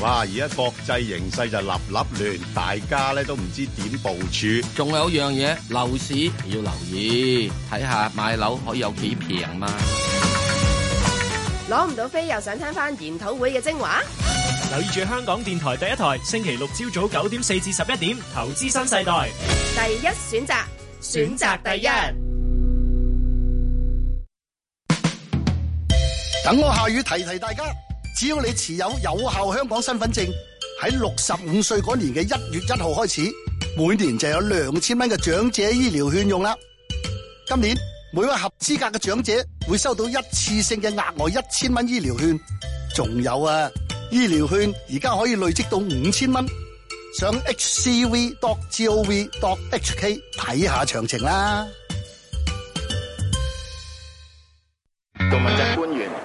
哇！而家國際形勢就立立亂，大家咧都唔知點部署。仲有一樣嘢，樓市要留意，睇下買樓可以有幾平嘛？攞唔到飛又想聽翻研討會嘅精華？留意住香港電台第一台，星期六朝早九點四至十一點，投資新世代，第一選擇，選擇第一。等我下雨提提大家，只要你持有有效香港身份證，喺六十五歲嗰年嘅一月一號開始，每年就有兩千蚊嘅長者醫療券用啦。今年每位合資格嘅長者會收到一次性嘅額外一千蚊醫療券，仲有啊，醫療券而家可以累積到五千蚊。上 hcv.gov.hk 睇下詳情啦。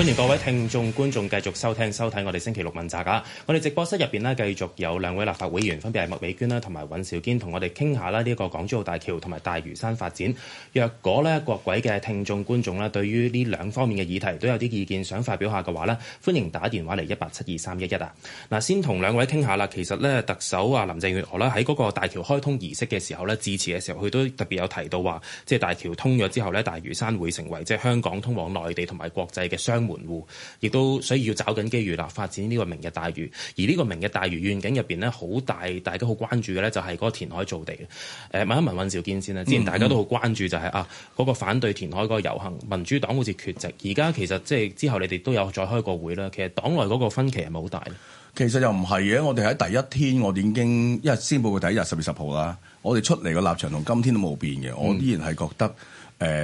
歡迎各位聽眾、觀眾繼續收聽、收睇我哋星期六問責啊！我哋直播室入邊呢，繼續有兩位立法會議員，分別係麥美娟啦，同埋尹兆堅，同我哋傾下啦呢一個港珠澳大橋同埋大嶼山發展。若果呢，各位嘅聽眾、觀眾呢，對於呢兩方面嘅議題都有啲意見想發表下嘅話呢，歡迎打電話嚟一八七二三一一啊！嗱，先同兩位傾下啦。其實呢，特首啊林鄭月娥啦，喺嗰個大橋開通儀式嘅時候呢，致辭嘅時候，佢都特別有提到話，即係大橋通咗之後呢，大嶼山會成為即係香港通往內地同埋國際嘅商門戶，亦都所以要找緊機遇啦，發展呢個明日大嶼。而呢個明日大嶼願景入邊咧，好大，大家好關注嘅咧就係嗰個填海造地。誒，問一問尹兆堅先啦。之前大家都好關注就係、是嗯、啊、嗰、那個反對填海嗰個遊行，民主黨好似缺席。而家其實即係、就是、之後你哋都有再開個會啦。其實黨內嗰個分歧係咪好大咧？其實又唔係嘅。我哋喺第一天，我哋已經一先布嘅第一日，十月十號啦。我哋出嚟嘅立場同今天都冇變嘅。嗯、我依然係覺得誒，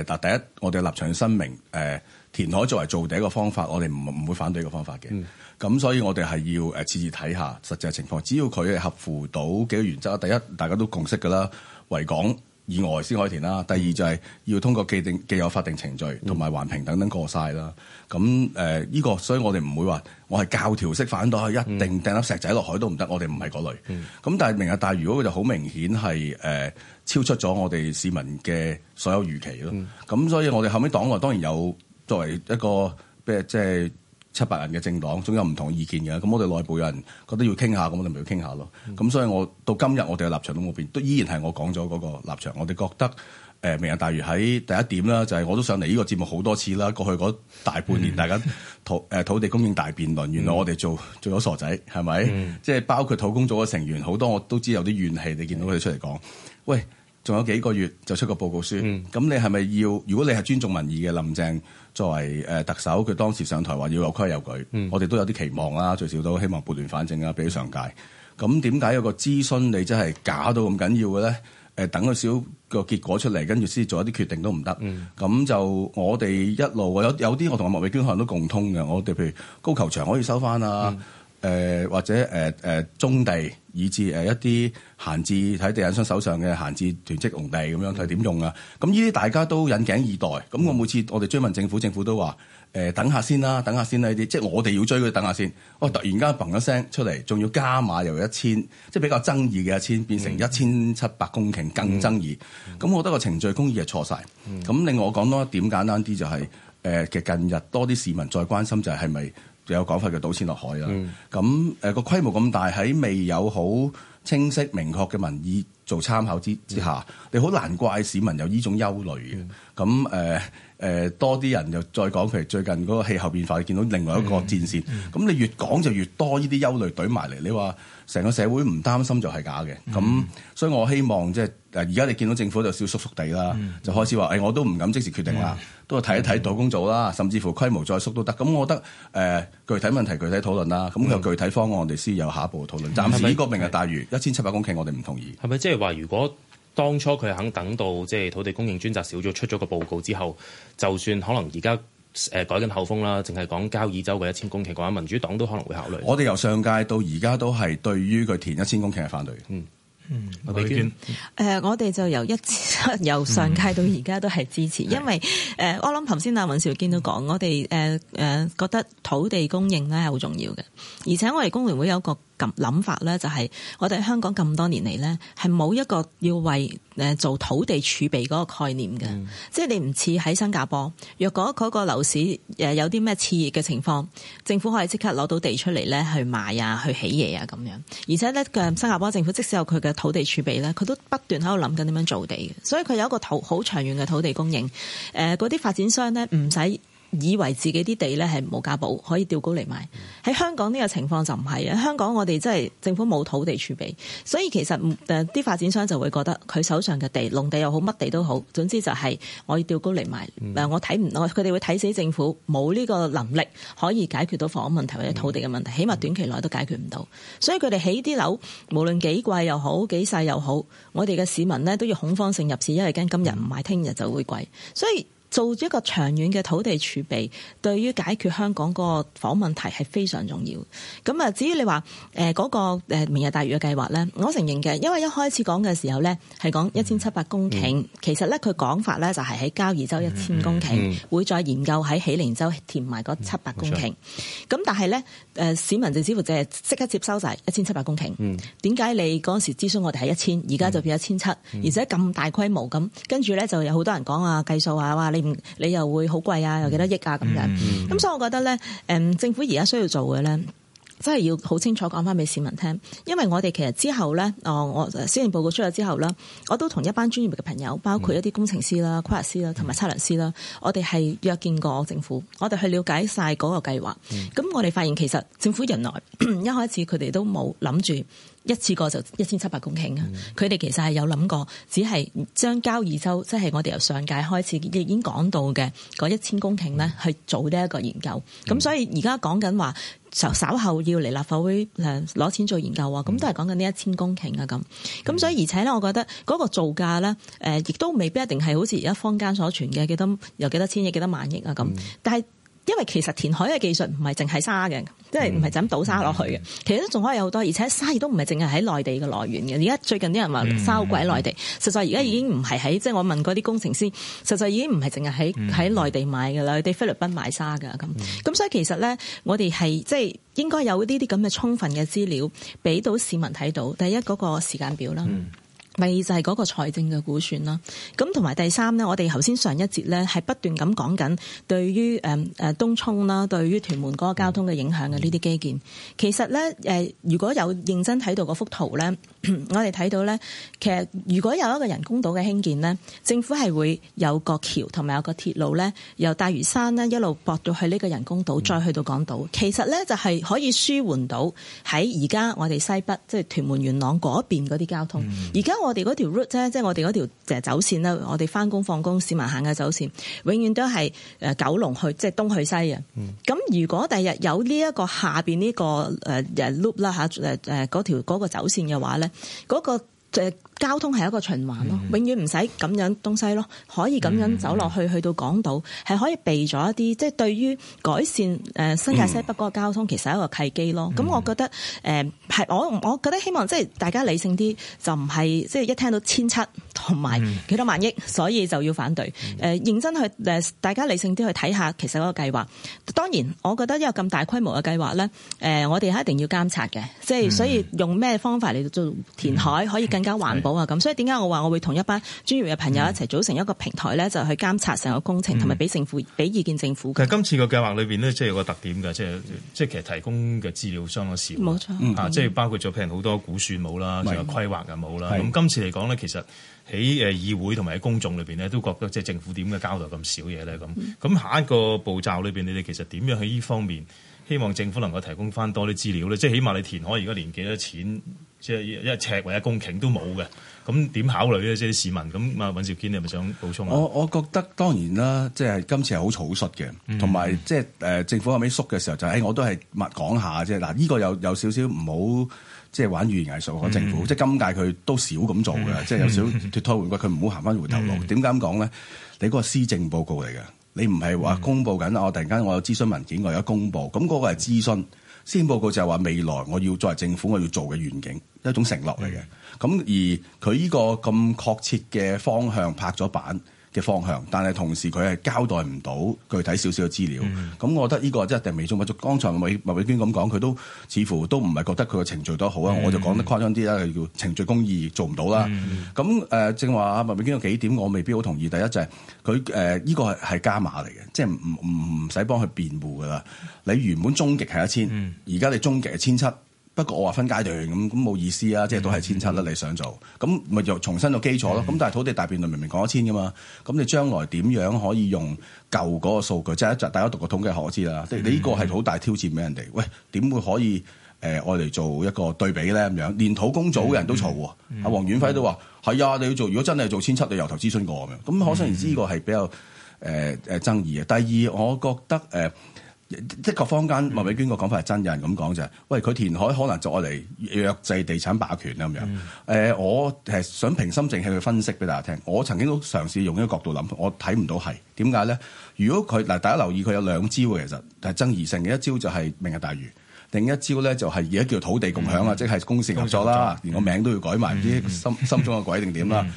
但、呃、第一我哋嘅立場聲明誒。呃填海作為做第一個方法，我哋唔唔會反對個方法嘅。咁、嗯、所以我，我哋係要誒次次睇下實際情況。只要佢係合乎到幾個原則，第一大家都共識噶啦，維港以外先可以填啦。第二就係要通過既定既有法定程序同埋、嗯、環評等等過晒啦。咁誒呢個，所以我哋唔會話我係教條式反對，一定掟粒石仔落海都唔得。嗯、我哋唔係嗰類。咁、嗯、但係明日大嶼，如果佢就好明顯係誒、呃、超出咗我哋市民嘅所有預期咯。咁、嗯、所以我哋後尾黨內當然有。作為一個咩即係七百人嘅政黨，總有唔同意見嘅。咁我哋內部有人覺得要傾下，咁我哋咪要傾下咯。咁、嗯、所以我到今日我哋嘅立場都冇變，都依然係我講咗嗰個立場。我哋覺得誒、呃、明日大嶼喺第一點啦，就係、是、我都上嚟呢個節目好多次啦。過去嗰大半年，嗯、大家土誒、呃、土地供應大辯論，原來我哋做、嗯、做咗傻仔，係咪？嗯、即係包括土供組嘅成員好多，我都知道有啲怨氣。你見到佢哋出嚟講，嗯、喂。仲有幾個月就出個報告書，咁、嗯、你係咪要？如果你係尊重民意嘅林鄭作為誒特首，佢當時上台話要有規有矩，嗯、我哋都有啲期望啦，最少都希望撥亂反正啊，比起上屆。咁點解有個諮詢你真係假到咁緊要嘅咧、呃？等個少個結果出嚟，跟住先做一啲決定都唔得。咁、嗯、就我哋一路有有啲，我同阿麥美娟可能都共通嘅。我哋譬如高球場可以收翻啊。嗯誒、呃、或者誒誒宗地，以至誒一啲閒置喺地產商手上嘅閒置囤積用地咁樣，睇點用啊？咁呢啲大家都引頸以待。咁我每次我哋追問政府，政府都話、呃、等下先啦，等下先啦呢啲。即係我哋要追佢等下先。嗯、我突然間嘭一聲出嚟，仲要加碼由一千即係比較爭議嘅一千變成一千、嗯、七百公頃，更爭議。咁、嗯、我覺得個程序公義係錯晒。咁、嗯、另外我講多一點簡單啲就係、是、誒，其實、呃、近日多啲市民再關心就係係咪？又有講法叫倒錢落海啦！咁、那、誒個規模咁大，喺未有好清晰明確嘅民意做參考之之下，你好難怪市民有呢種憂慮嘅。咁誒誒多啲人又再講，譬如最近嗰個氣候變化，見到另外一個戰線。咁你越講就越多呢啲憂慮堆埋嚟。你話成個社會唔擔心就係假嘅。咁、嗯、所以我希望即係而家你見到政府就少縮縮地啦，嗯、就開始話誒我都唔敢即時決定啦，都係睇一睇組工組啦，甚至乎規模再縮都得。咁我覺得誒、呃、具體問題具體討論啦。咁佢具體方案我哋先有下一步討論。暫時個命係大於一千七百公頃，我哋唔同意。係咪即係話如果？當初佢肯等到即係土地供應專責小組出咗個報告之後，就算可能而家誒改緊口風啦，淨係講交椅洲嘅一千公頃嘅話，民主黨都可能會考慮。我哋由上屆到而家都係對於佢填一千公頃係反對嘅。嗯嗯，嗯我哋見、呃、就由一由上屆到而家都係支持，嗯、因為誒我諗頭先阿尹兆堅都講，我哋誒誒覺得土地供應咧係好重要嘅，而且我哋工聯會有個。咁諗法咧就係、是，我哋香港咁多年嚟咧，係冇一個要為誒做土地儲備嗰個概念嘅。嗯、即係你唔似喺新加坡，若果嗰個樓市誒有啲咩熾熱嘅情況，政府可以即刻攞到地出嚟咧去賣啊，去起嘢啊咁樣。而且咧嘅新加坡政府即使有佢嘅土地儲備咧，佢都不斷喺度諗緊點樣造地，所以佢有一個土好長遠嘅土地供應。誒，嗰啲發展商咧唔使。以為自己啲地咧係冇價寶，可以調高嚟賣。喺、嗯、香港呢個情況就唔係啊！香港我哋真係政府冇土地儲備，所以其實啲、呃、發展商就會覺得佢手上嘅地，農地又好，乜地都好，總之就係我要調高嚟賣，嗯呃。我睇唔，我佢哋會睇死政府冇呢個能力可以解決到房屋問題或者土地嘅問題，嗯、起碼短期內都解決唔到。所以佢哋起啲樓，無論幾貴又好，幾細又好，我哋嘅市民呢都要恐慌性入市，因為驚今日唔買，聽日就會貴。所以。做一個長遠嘅土地儲備，對於解決香港嗰個房問題係非常重要。咁啊，至於你話誒嗰個明日大嶼嘅計劃咧，我承認嘅，因為一開始講嘅時候咧係講一千七百公頃，嗯嗯、其實咧佢講法咧就係喺交椅洲一千公頃，嗯嗯、會再研究喺喜靈洲填埋嗰七百公頃。咁、嗯、但係咧誒市民就似乎淨係即刻接收就係一千七百公頃。點解、嗯、你嗰時諮詢我哋係一千，而家就變一千七，而且咁大規模咁，跟住咧就有好多人講啊計數啊，哇、啊！你你又會好貴啊，又幾多億啊，咁樣、嗯。咁、嗯嗯、所以我覺得咧，誒、嗯，政府而家需要做嘅咧，真係要好清楚講翻俾市民聽，因為我哋其實之後咧，哦，我試驗報告出咗之後呢，我都同一班專業嘅朋友，包括一啲工程師啦、規劃師啦、同埋測量師啦，我哋係約見過政府，我哋去了解晒嗰個計劃。咁、嗯、我哋發現其實政府原來一開始佢哋都冇諗住。一次過就一千七百公頃啊！佢哋、嗯、其實係有諗過，只係將交椅洲，即係我哋由上屆開始已經講到嘅嗰一千公頃咧，去做呢一個研究。咁、嗯、所以而家講緊話，就稍後要嚟立法會誒攞錢做研究啊！咁、嗯、都係講緊呢一千公頃啊！咁咁、嗯、所以而且咧，我覺得嗰個造價咧，誒亦都未必一定係好似而家坊間所傳嘅幾多有幾多千億幾多萬億啊！咁、嗯，但係，因為其實填海嘅技術唔係淨係沙嘅，嗯、即係唔係就咁倒沙落去嘅，嗯、其實都仲可以有好多。而且沙亦都唔係淨係喺內地嘅來源嘅。而家最近啲人話沙好貴內地，嗯嗯、實在而家已經唔係喺即係我問嗰啲工程師，實在已經唔係淨係喺喺內地買噶啦，哋菲律賓買沙噶咁。咁、嗯、所以其實咧，我哋係即係應該有呢啲咁嘅充分嘅資料，俾到市民睇到。第一嗰、嗰個時間表啦。嗯咪就係嗰個財政嘅估算啦。咁同埋第三咧，我哋頭先上一節咧，係不斷咁講緊對於誒誒東涌啦，對於屯門嗰個交通嘅影響嘅呢啲基建。其實咧誒如果有認真睇到嗰幅圖咧，我哋睇到咧，其實如果有一個人工島嘅興建咧，政府係會有個橋同埋有個鐵路咧，由大嶼山咧一路駁到去呢個人工島，再去到港島。其實咧就係可以舒緩到喺而家我哋西北，即係屯門元朗嗰邊嗰啲交通。而家我我哋嗰條 route 啫，即係我哋嗰條走線啦。我哋翻工放工，市民行嘅走線，永遠都係誒九龍去，即係東去西嘅。咁，嗯，如果第日有呢一個下邊呢個誒誒 loop 啦吓，誒誒嗰條嗰個走線嘅話咧，嗰個，呃交通係一個循環咯，永遠唔使咁樣東西咯，可以咁樣走落去去到港島，係可以避咗一啲，即係對於改善新界西北嗰個交通、嗯、其實係一個契機咯。咁、嗯、我覺得誒係、呃、我我覺得希望即係大家理性啲，就唔係即係一聽到千七同埋幾多萬億，所以就要反對、呃、認真去、呃大家理性啲去睇下其實嗰個計劃。當然，我覺得有咁大規模嘅計劃咧，我哋係一定要監察嘅，即係所以用咩方法嚟做填海、嗯、可以更加環。好啊，咁所以點解我話我會同一班專業嘅朋友一齊組成一個平台咧，就是、去監察成個工程，同埋俾政府俾意見政府。其實今次個計劃裏邊咧，即係有個特點嘅，即係即係其實提供嘅資料相當少。冇錯錯啊，嗯、即係包括咗譬如好多估算冇啦，仲的有規劃嘅冇啦。咁今次嚟講咧，其實喺誒議會同埋喺公眾裏邊咧，都覺得即係政府點嘅交代咁少嘢咧。咁咁、嗯、下一個步驟裏邊，你哋其實點樣喺呢方面？希望政府能夠提供翻多啲資料咧，即係起碼你填海而家連幾多錢，即係一尺或者公頃都冇嘅，咁點考慮咧？即係市民咁，阿尹兆堅你係咪想補充啊？我我覺得當然啦，即係今次係好草率嘅，同埋、嗯、即係誒、呃、政府後尾縮嘅時候就係、是欸，我都係默講下即啫。嗱，呢、這個有有少少唔好，即係玩語言藝術講政府，嗯、即係今屆佢都少咁做嘅，嗯、即係有少脫胎換骨，佢唔好行翻回頭路。點解咁講咧？你嗰個施政報告嚟嘅。你唔係話公佈緊，我突然間我有諮詢文件，我而家公佈，咁嗰個係諮詢。先報告就係話未來我要作為政府我要做嘅願景，一種承諾嚟嘅。咁而佢呢個咁確切嘅方向拍咗板嘅方向，但係同時佢係交代唔到具體少少嘅資料，咁、mm hmm. 嗯、我覺得呢個真係美中不足。剛才麥麥美娟咁講，佢都似乎都唔係覺得佢個程序都好啊，mm hmm. 我就講得誇張啲啦，叫程序公義做唔到啦。咁誒、mm hmm. 嗯呃，正話麥美娟有幾點，我未必好同意。第一就係佢誒，呢、呃這個係加碼嚟嘅，即係唔唔唔使幫佢辯護噶啦。你原本終極係一千，而、hmm. 家你終極係千七。不過我話分階段咁，咁冇意思啊！即係都係千七啦，hmm. 你想做咁咪又重新做基礎咯？咁、mm hmm. 但係土地大辯論明明講咗千噶嘛，咁你將來點樣可以用舊嗰個數據？即係一大家讀個統計可知啦，即係呢個係好大挑戰俾人哋。喂，點會可以誒我嚟做一個對比咧？咁樣連土工組嘅人都嘈阿，黃遠輝都話係、mm hmm. 啊，你要做如果真係做千七，你由頭諮詢過咁嘛？咁可想而知呢個係比較誒誒、呃呃呃、爭議嘅。第二，我覺得誒。呃的確，坊間麥美娟個講法係真，有人咁講就係：，喂，佢填海可能作嚟遏制地產霸權咁樣。誒、嗯呃，我係想平心靜氣去分析俾大家聽。我曾經都嘗試用一個角度諗，我睇唔到係點解咧？如果佢嗱，大家留意佢有兩招其實係爭議性嘅。一招就係明日大嶼，另一招咧就係而家叫土地共享啊，嗯、即係公私合作啦，作連個名都要改埋，啲心、嗯、心中嘅鬼定點啦。嗯嗯、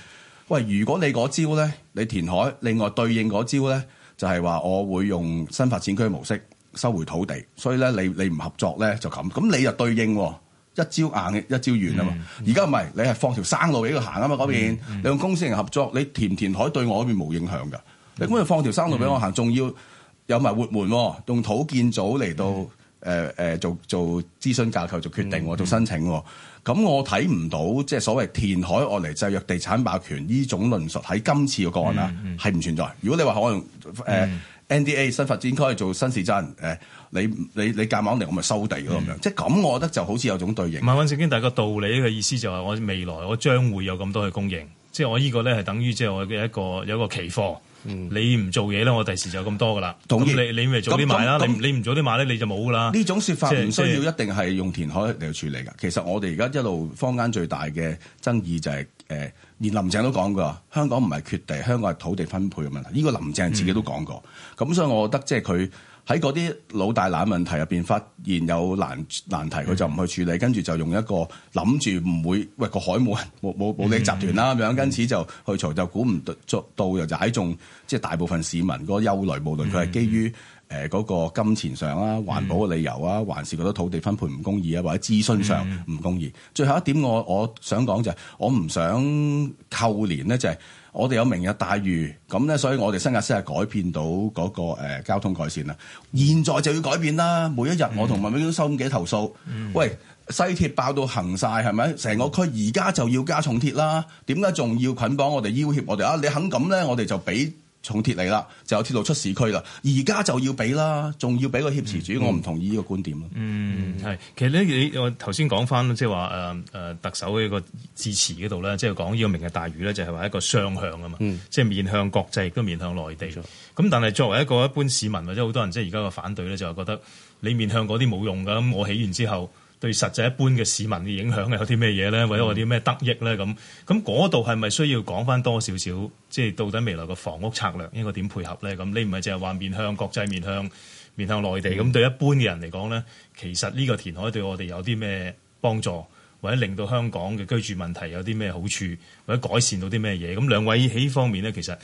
喂，如果你嗰招咧，你填海，另外對應嗰招咧，就係、是、話我會用新發展區模式。收回土地，所以咧你你唔合作咧就咁，咁你就對應一招硬，一招軟啊嘛。而家唔係你係放條生路俾佢行啊嘛，嗰邊、mm hmm. 你用公私營合作，你填填海對我嗰邊無影響噶。Mm hmm. 你咁就放條生路俾我行，仲要有埋活門，用土建組嚟到誒做做諮詢、架構、做決定、mm hmm. 做申請。咁我睇唔到即係所謂填海用嚟制約地產霸權呢種論述喺今次個個案啦，係唔、mm hmm. 存在。如果你話可能誒。呃 mm hmm. NDA 新發展區做新市鎮，誒、哎、你你你夾硬嚟我咪收地咁是樣，即係咁，我覺得就好似有種對應。慢慢黃正大但係道理嘅意思就係我未來我將會有咁多嘅供應，即我個呢個咧係等於即係我嘅一個有一個期貨。嗯、你唔做嘢咧，我第時就咁多噶啦。同意你你咪早啲買啦。你你唔早啲買咧，你就冇噶啦。呢種說法唔需要、即係即係、一定係用填海嚟去處理噶。其實我哋而家一路坊間最大嘅爭議就係、是、誒、呃，連林鄭都講過，香港唔係缺地，香港係土地分配嘅問題。呢依個林鄭自己都講過。咁、嗯、所以我覺得即係佢。喺嗰啲老大難問題入邊，發現有難難題，佢就唔去處理，跟住、嗯、就用一個諗住唔會喂個海冇冇冇冇你集團啦咁、嗯、樣，因此就去嘈就估唔到到又就喺中即係、就是、大部分市民嗰個憂慮，無論佢係基於誒嗰、呃那個金錢上啦、環保嘅理由啊，嗯、還是覺得土地分配唔公義啊，或者諮詢上唔公義。嗯、最後一點我想、就是，我我想講就係我唔想扣連咧，就係、是。我哋有明日大嶼咁咧，所以我哋新界西係改變到嗰、那個、呃、交通改善啦。現在就要改變啦，每一日我同文明,明都收幾投訴。嗯、喂，西鐵爆到行晒，係咪？成個區而家就要加重鐵啦，點解仲要捆綁我哋要挾我哋啊？你肯咁咧，我哋就俾。重鐵嚟啦，就有鐵路出市區啦。而家就要俾啦，仲要俾個挾持主，嗯嗯、我唔同意呢個觀點咯。嗯，係，其實咧，你我頭先講返即係話誒誒特首呢個致詞嗰度咧，即係講呢個明日大嶼咧，就係、是、話、就是、一個雙向啊嘛，即係、嗯、面向國際亦都面向內地。咁、嗯、但係作為一個一般市民或者好多人即係而家嘅反對咧，就係、是、覺得你面向嗰啲冇用噶，咁我起完之後。對實際一般嘅市民嘅影響有啲咩嘢咧？或者有啲咩得益咧？咁咁嗰度係咪需要講翻多少少？即係到底未來嘅房屋策略應該點配合咧？咁你唔係淨係話面向國際，面向面向內地咁、嗯、對一般嘅人嚟講咧，其實呢個填海對我哋有啲咩幫助，或者令到香港嘅居住問題有啲咩好處，或者改善到啲咩嘢？咁兩位喺呢方面咧，其實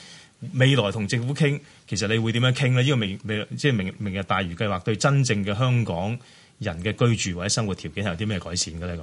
未來同政府傾，其實你會點樣傾咧？呢個未未即係明明日大嶼計劃對真正嘅香港人嘅居住或者生活條件係有啲咩改善嘅咧咁？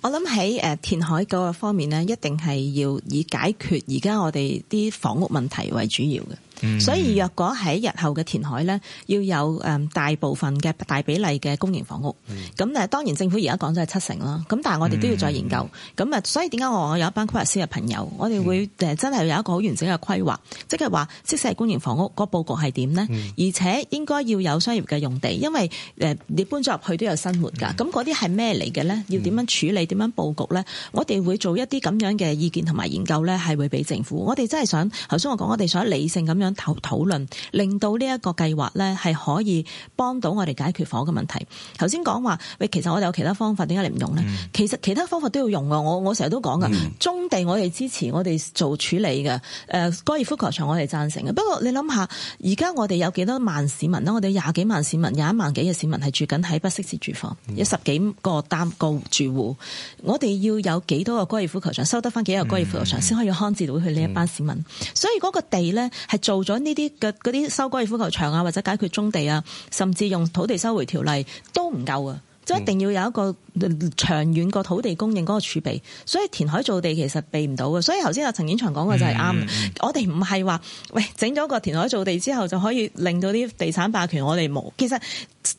我諗喺誒填海嗰個方面咧，一定係要以解決而家我哋啲房屋問題為主要嘅。嗯、所以若果喺日後嘅填海咧，要有誒大部分嘅大比例嘅公營房屋。咁誒、嗯，當然政府而家講咗係七成啦。咁但係我哋都要再研究。咁啊、嗯，所以點解我有一班規劃師嘅朋友，我哋會誒真係有一個好完整嘅規劃，即係話即使係公營房屋，嗰個布局係點咧？嗯、而且應該要有商業嘅用地，因為誒你搬咗入去都有生活噶。咁嗰啲係咩嚟嘅咧？要點樣處理？處理點樣布局咧？我哋會做一啲咁樣嘅意見同埋研究咧，係會俾政府。我哋真係想，頭先我講，我哋想理性咁樣討討論，令到呢一個計劃咧係可以幫到我哋解決火嘅問題。頭先講話，喂，其實我哋有其他方法，點解你唔用咧？嗯、其實其他方法都要用噶。我我成日都講噶，棕地我哋支持，我哋做處理噶。誒，高爾夫球場我哋贊成嘅。不過你諗下，而家我哋有幾多，多萬市民咧？我哋廿幾萬市民，廿一萬幾嘅市民係住緊喺不適切住房，有十幾個單個住戶。我哋要有幾多個高爾夫球場，收得返幾多高爾夫球場，先、嗯嗯、可以康治到去呢一班市民。嗯、所以嗰個地呢，係做咗呢啲嘅啲收高爾夫球場啊，或者解決棕地啊，甚至用土地收回條例都唔夠啊，即一定要有一個。長遠個土地供應嗰個儲備，所以填海造地其實避唔到嘅。所以頭先阿陳顯祥講嘅就係啱。嗯嗯、我哋唔係話喂整咗個填海造地之後就可以令到啲地產霸權我哋冇。其實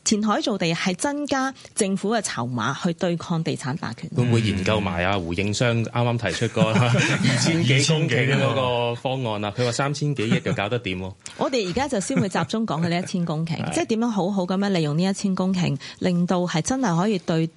填海造地係增加政府嘅籌碼去對抗地產霸權。會唔、嗯嗯、會研究埋阿胡應商啱啱提出過，二千幾公頃嘅嗰個方案啊？佢話三千幾億就搞得掂？我哋而家就先會集中講嘅呢一千公頃， 即係點樣好好咁樣利用呢一千公頃，令到係真係可以對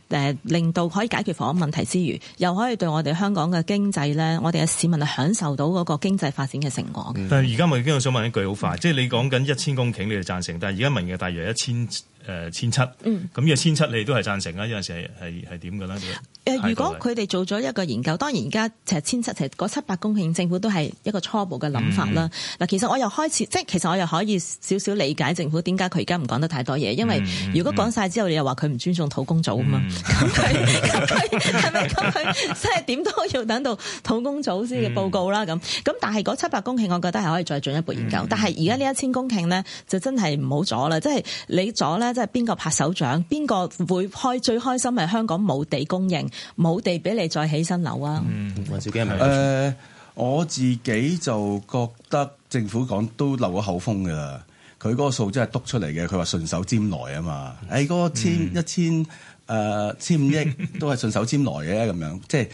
令到可以解決房屋問題之餘，又可以對我哋香港嘅經濟咧，我哋嘅市民啊享受到嗰個經濟發展嘅成果嘅。嗯嗯、但係而家問，我想問一句好快，即係你講緊一千公頃，你就贊成？但係而家問嘅大約一千，誒千七，嗯，咁呢個千七你都係贊成啊？依陣時係係係點嘅咧？誒，如果佢哋做咗一個研究，當然而家其實千七，其實嗰七百公頃政府都係一個初步嘅諗法啦。嗱、嗯，其實我又開始，即係其實我又可以少少理解政府點解佢而家唔講得太多嘢，因為如果講晒之後，你又話佢唔尊重土供組啊嘛，咁佢咁佢係咪咁佢即係點都要等到土供組先嘅報告啦？咁咁、嗯，但係嗰七百公頃，我覺得係可以再進一步研究。嗯、但係而家呢一千公頃呢，就真係唔好阻啦，即、就、係、是、你阻咧。就是即係邊個拍手掌，邊個會開最開心？係香港冇地供應，冇地俾你再起新樓啊！嗯，我自己誒，我自己就覺得政府講都漏咗口風噶啦。佢嗰個數真係督出嚟嘅，佢話順手拈來啊嘛。誒、嗯、嗰、欸那個千、嗯、一千誒、呃、千五億都係順手拈來嘅咁 樣。即係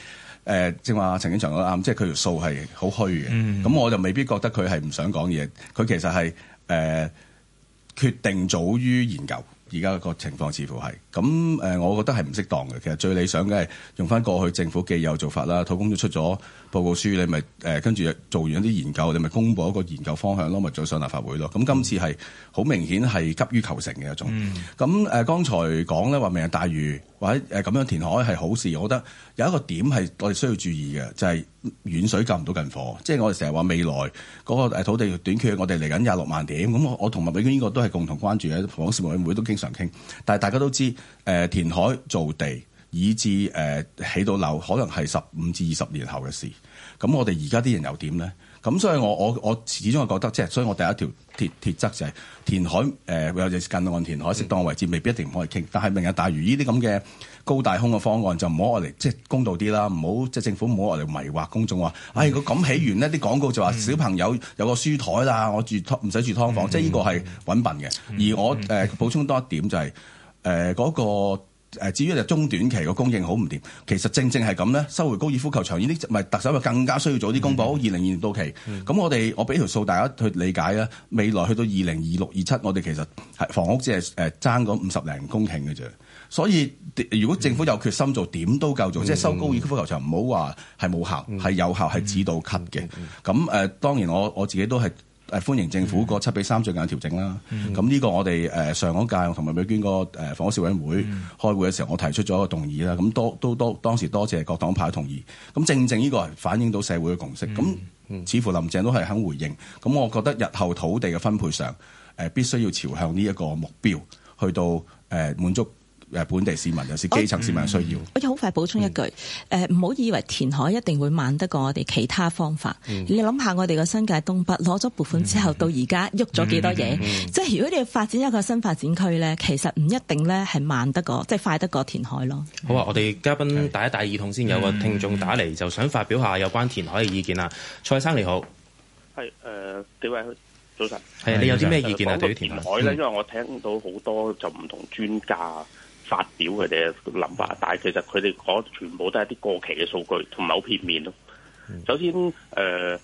誒，正話陳景祥講啱，即係佢條數係好虛嘅。咁、嗯、我就未必覺得佢係唔想講嘢。佢其實係誒、呃、決定早於研究。而家個情況似乎係咁，誒，我覺得係唔適當嘅。其實最理想嘅係用翻過去政府既有做法啦，土工都出咗。報告書你咪跟住做完一啲研究，你咪公布一個研究方向咯，咪再上立法會咯。咁今次係好、嗯、明顯係急於求成嘅一種。咁誒、嗯呃、剛才講咧話明日大嶼或者咁樣、呃、填海係好事，我覺得有一個點係我哋需要注意嘅，就係、是、遠水救唔到近火。即、就、係、是、我哋成日話未來嗰、那個土地短缺，我哋嚟緊廿六萬點。咁我我同埋麥美娟呢個都係共同關注嘅，同市民委會都經常傾。但大家都知誒、呃、填海造地。以致誒、呃、起到樓，可能係十五至二十年後嘅事。咁我哋而家啲人又點咧？咁所以我我我始終係覺得，即係所以我第一條鐵鐵則就係、是、填海誒，有、呃、嘢近岸填海，適當位置、嗯、未必一定唔可以傾。但係明日大嶼呢啲咁嘅高大空嘅方案就，就唔好我嚟即係公道啲啦，唔好即係政府唔好我嚟迷惑公眾話、嗯，唉，咁起完呢啲廣告就話、嗯、小朋友有個書枱啦，我住唔使住劏房，嗯嗯即係呢個係揾笨嘅。嗯嗯而我誒、呃、補充多一點就係誒嗰個。誒，至於就中短期個供應好唔掂，其實正正係咁咧，收回高爾夫球場，已啲唔係特首就更加需要早啲公佈。二零二年到期，咁、嗯、我哋我俾條數大家去理解啦。未來去到二零二六、二七，我哋其實係房屋只係誒爭嗰五十零公頃嘅啫。所以如果政府有決心做，點、嗯、都夠做，即係、嗯、收高爾夫球場，唔好話係冇效，係有效，係指導級嘅。咁誒、嗯嗯嗯呃，當然我我自己都係。誒歡迎政府個七比三最近調整啦，咁呢、嗯、個我哋誒上一屆同埋美娟個誒房屋事委會開會嘅時候，我提出咗一個動議啦，咁多、嗯、都都當時多謝各黨派同意，咁正正呢個係反映到社會嘅共識，咁、嗯嗯、似乎林鄭都係肯回應，咁我覺得日後土地嘅分配上誒必須要朝向呢一個目標去到誒滿、呃、足。本地市民尤其是基層市民需要。我又好快補充一句，誒唔好以為填海一定會慢得過我哋其他方法。嗯、你諗下我哋個新界東北攞咗撥款之後、嗯、到而家喐咗幾多嘢？嗯、即係如果你發展一個新發展區咧，其實唔一定咧係慢得過，即係快得過填海咯。好啊，我哋嘉賓戴一戴耳筒先，有個聽眾打嚟就想發表下有關填海嘅意見啦。嗯、蔡生你好，係誒幾位早晨。係你有啲咩意見啊？對於填海咧，因為我聽到好多就唔同專家、嗯發表佢哋嘅諗法，但係其實佢哋全部都係啲過期嘅數據，同埋好片面咯。首先，誒、呃，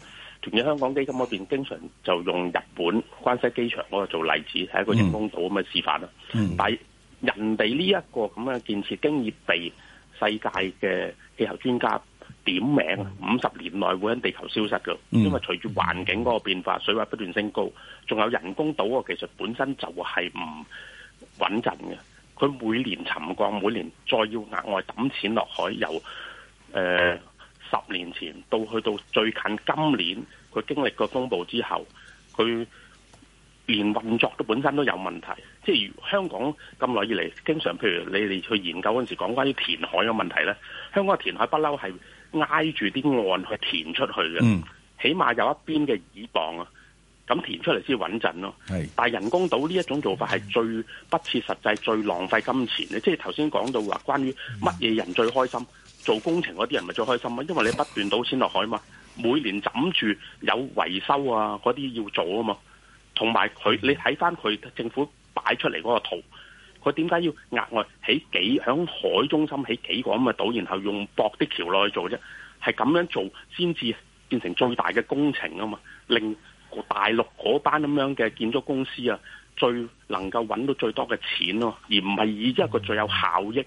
團結香港基金嗰邊經常就用日本關西機場嗰度做例子，係一個人工島咁嘅示範啦。嗯、但係人哋呢一個咁嘅建設，經已被世界嘅氣候專家點名五十年內會喺地球消失㗎，因為隨住環境嗰個變化，水位不斷升高，仲有人工島個技術本身就係唔穩陣嘅。佢每年沉降，每年再要額外抌錢落海。由誒、呃、十年前到去到最近今年，佢經歷過風暴之後，佢連運作都本身都有問題。即係香港咁耐以嚟，經常譬如你哋去研究嗰陣時講關於填海嘅問題咧，香港嘅填海不嬲係挨住啲岸去填出去嘅，嗯、起碼有一邊嘅倚傍啊。咁填出嚟先穩陣咯、啊。是但人工島呢一種做法係最不切實際、嗯、最浪費金錢嘅。即係頭先講到話，關於乜嘢人最開心？嗯、做工程嗰啲人咪最開心啊！因為你不斷倒先落海嘛，每年枕住有維修啊嗰啲要做啊嘛。同埋佢，嗯、你睇翻佢政府擺出嚟嗰個圖，佢點解要額外起幾響海中心起幾個咁嘅島，然後用駁啲橋落去做啫？係咁樣做先至變成最大嘅工程啊嘛，令，大陸嗰班咁樣嘅建築公司啊，最能夠揾到最多嘅錢咯，而唔係以一個最有效益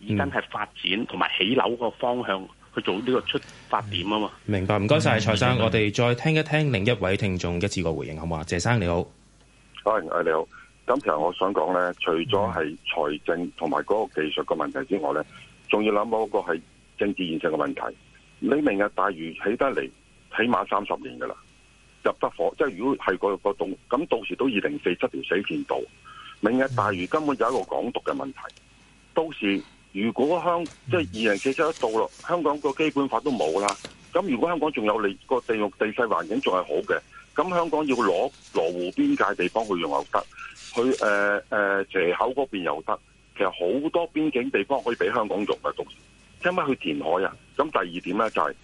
已經係發展同埋起樓個方向去做呢個出發點啊嘛、嗯。明白，唔該晒蔡生，嗯嗯、我哋再聽一聽另一位聽眾一次個回應，好嘛？謝生，你好，誒誒你好。咁其實我想講咧，除咗係財政同埋嗰個技術個問題之外咧，仲要諗好個係政治現實嘅問題。你明日大嶼起得嚟，起碼三十年噶啦。入得火，即係如果係、嗰個個洞，咁，到時都二零四七條死線到。明日大嶼根本有一個港獨嘅問題，到時如果香即係二零四七一到咯，香港個基本法都冇啦。咁如果香港仲有呢個地域地勢環境仲係好嘅，咁香港要攞羅湖邊界地方去用又得，去誒誒蛇口嗰邊又得。其實好多邊境地方可以俾香港用嘅，到時，因為去填海啊。咁第二點呢、就係，就係。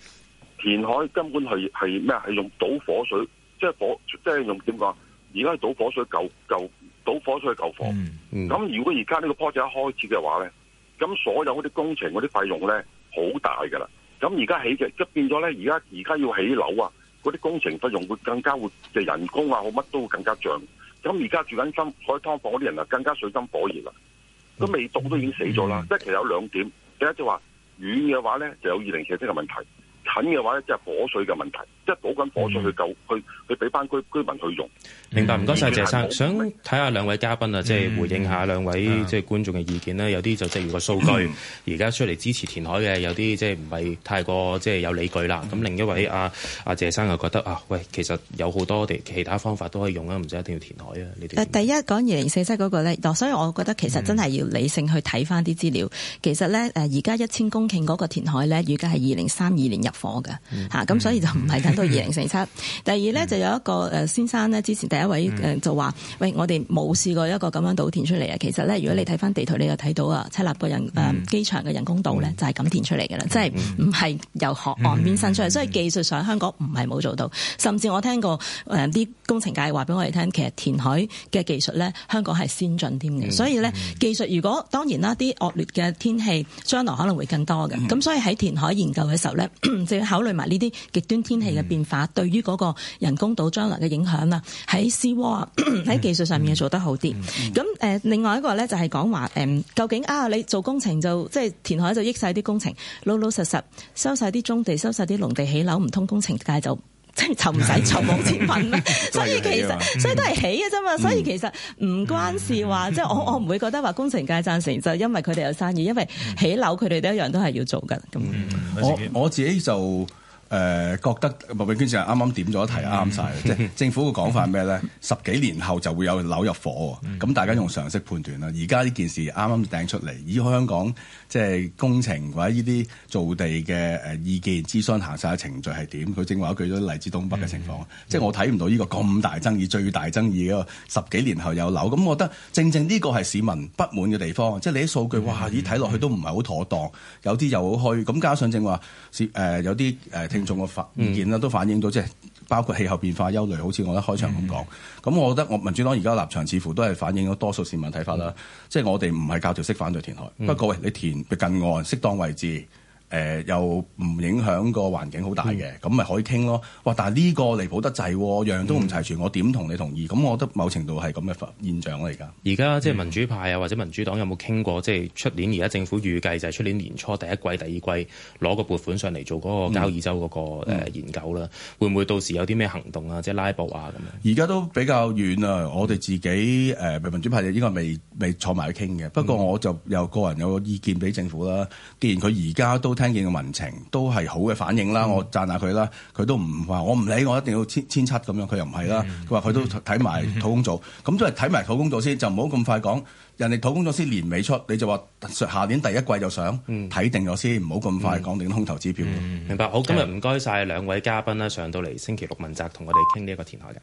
填海根本係係咩？係用倒火水，即係火，即係用點講？而家係倒火水救救倒火水去救火。咁、嗯嗯、如果而家呢個 project 一開始嘅話咧，咁所有嗰啲工程嗰啲費用咧，好大㗎啦。咁而家起嘅即係變咗咧，而家而家要起樓啊，嗰啲工程費用會更加會、就是、人工啊，好乜都會更加漲。咁而家住緊深海湯房嗰啲人啊，更加水深火熱啦。咁未讀都已經死咗啦。嗯嗯嗯、即係其實有兩點，第一就話遠嘅話咧就有二零四七嘅問題。蠢嘅話咧，即、就、係、是、火水嘅問題，即係補緊火水、嗯、去救，去去俾翻居居民去用。明白，唔該晒，謝生。嗯、想睇下兩位嘉賓啊，即係、嗯、回應下兩位即係觀眾嘅意見啦。嗯、有啲就正如個數據，而家、嗯、出嚟支持填海嘅，有啲即係唔係太過即係、就是、有理據啦。咁、嗯、另一位阿、啊、阿謝生又覺得啊，喂，其實有好多其他方法都可以用啊，唔使一定要填海啊。呢啲第一講二零四七嗰個咧、哦，所以我覺得其實真係要理性去睇翻啲資料。嗯、其實咧誒，而家一千公頃嗰個填海咧，而家係二零三二年入火嘅嚇，咁、嗯嗯、所以就唔係等到二零四七。嗯、第二咧就有一個誒先生咧，之前第一位誒就話：嗯、喂，我哋冇試過一個咁樣倒填出嚟啊！其實咧，如果你睇翻地圖，你就睇到啊，赤鱲角人誒、呃、機場嘅人工島咧，就係、是、咁填出嚟嘅啦，即係唔係由河岸邊伸出嚟。嗯嗯、所以技術上香港唔係冇做到，甚至我聽過誒啲、呃、工程界話俾我哋聽，其實填海嘅技術咧，香港係先進添嘅。嗯、所以咧，嗯、技術如果當然啦，啲惡劣嘅天氣將來可能會更多嘅。咁、嗯、所以喺填海研究嘅時候咧。 就要考慮埋呢啲極端天氣嘅變化，對於嗰個人工島將來嘅影響啦。喺 c w 啊，喺 技術上面又做得好啲。咁誒、呃，另外一個咧就係講話誒究竟啊，你做工程就即係填海就益晒啲工程，老老實實收晒啲棕地、收晒啲農地起樓，唔通工程界就。即係就唔使就冇錢問啦， 所以其實所以都係起嘅啫嘛，所以其實唔關事話，即係、嗯、我我唔會覺得話工程界贊成就因為佢哋有生意，因為起樓佢哋都一樣都係要做嘅。咁我自我，我自己就。誒、呃、覺得麥美娟就啱啱點咗一題啱晒。即、mm hmm. 政府嘅講法係咩咧？ 十幾年後就會有樓入伙咁、mm hmm. 大家用常識判斷啦。而家呢件事啱啱掟出嚟，以香港即係工程或者呢啲造地嘅意見諮詢行晒嘅程序係點？佢正話舉咗嚟自東北嘅情況，mm hmm. 即係我睇唔到呢個咁大爭議，最大爭議個十幾年後有樓，咁我覺得正正呢個係市民不滿嘅地方。即係你啲數據哇，咦睇落去都唔係好妥當，有啲又虛，咁加上正話、呃、有啲眾嚴重嘅意見咧都反映到，即係包括氣候變化憂慮，好似我一開場咁講。咁、嗯、我覺得我民主黨而家立場似乎都係反映咗多數市民睇法啦。即係、嗯、我哋唔係教條式反對填海，嗯、不過餵你填嘅近岸適當位置。誒、呃、又唔影響個環境好大嘅，咁咪、嗯、可以傾咯。哇！但呢個離譜得滯，樣樣都唔齊全，我點同你同意？咁我覺得某程度係咁嘅現象嚟㗎。而家即係民主派啊，或者民主黨有冇傾過？嗯、即係出年而家政府預計就係出年年初第一季、第二季攞個撥款上嚟做嗰個交椅洲嗰、那個、嗯呃、研究啦。會唔會到時有啲咩行動啊？即係拉布啊？咁樣而家都比較遠啊！我哋自己、嗯呃、民主派就應該未未坐埋去傾嘅。不過我就有、嗯、個人有個意見俾政府啦。既然佢而家都聽見嘅民情都係好嘅反應啦，嗯、我讚下佢啦，佢都唔話我唔理，我一定要千千七咁樣，佢又唔係啦，佢話佢都睇埋土供組，咁都係睇埋土供組先，就唔好咁快講人哋土供組先年尾出，你就話下年第一季就想睇定咗先，不要麼快，唔好咁快講定空頭支票。嗯嗯、明白，好，今日唔該晒兩位嘉賓啦，上到嚟星期六問責同我哋傾呢一個填海人。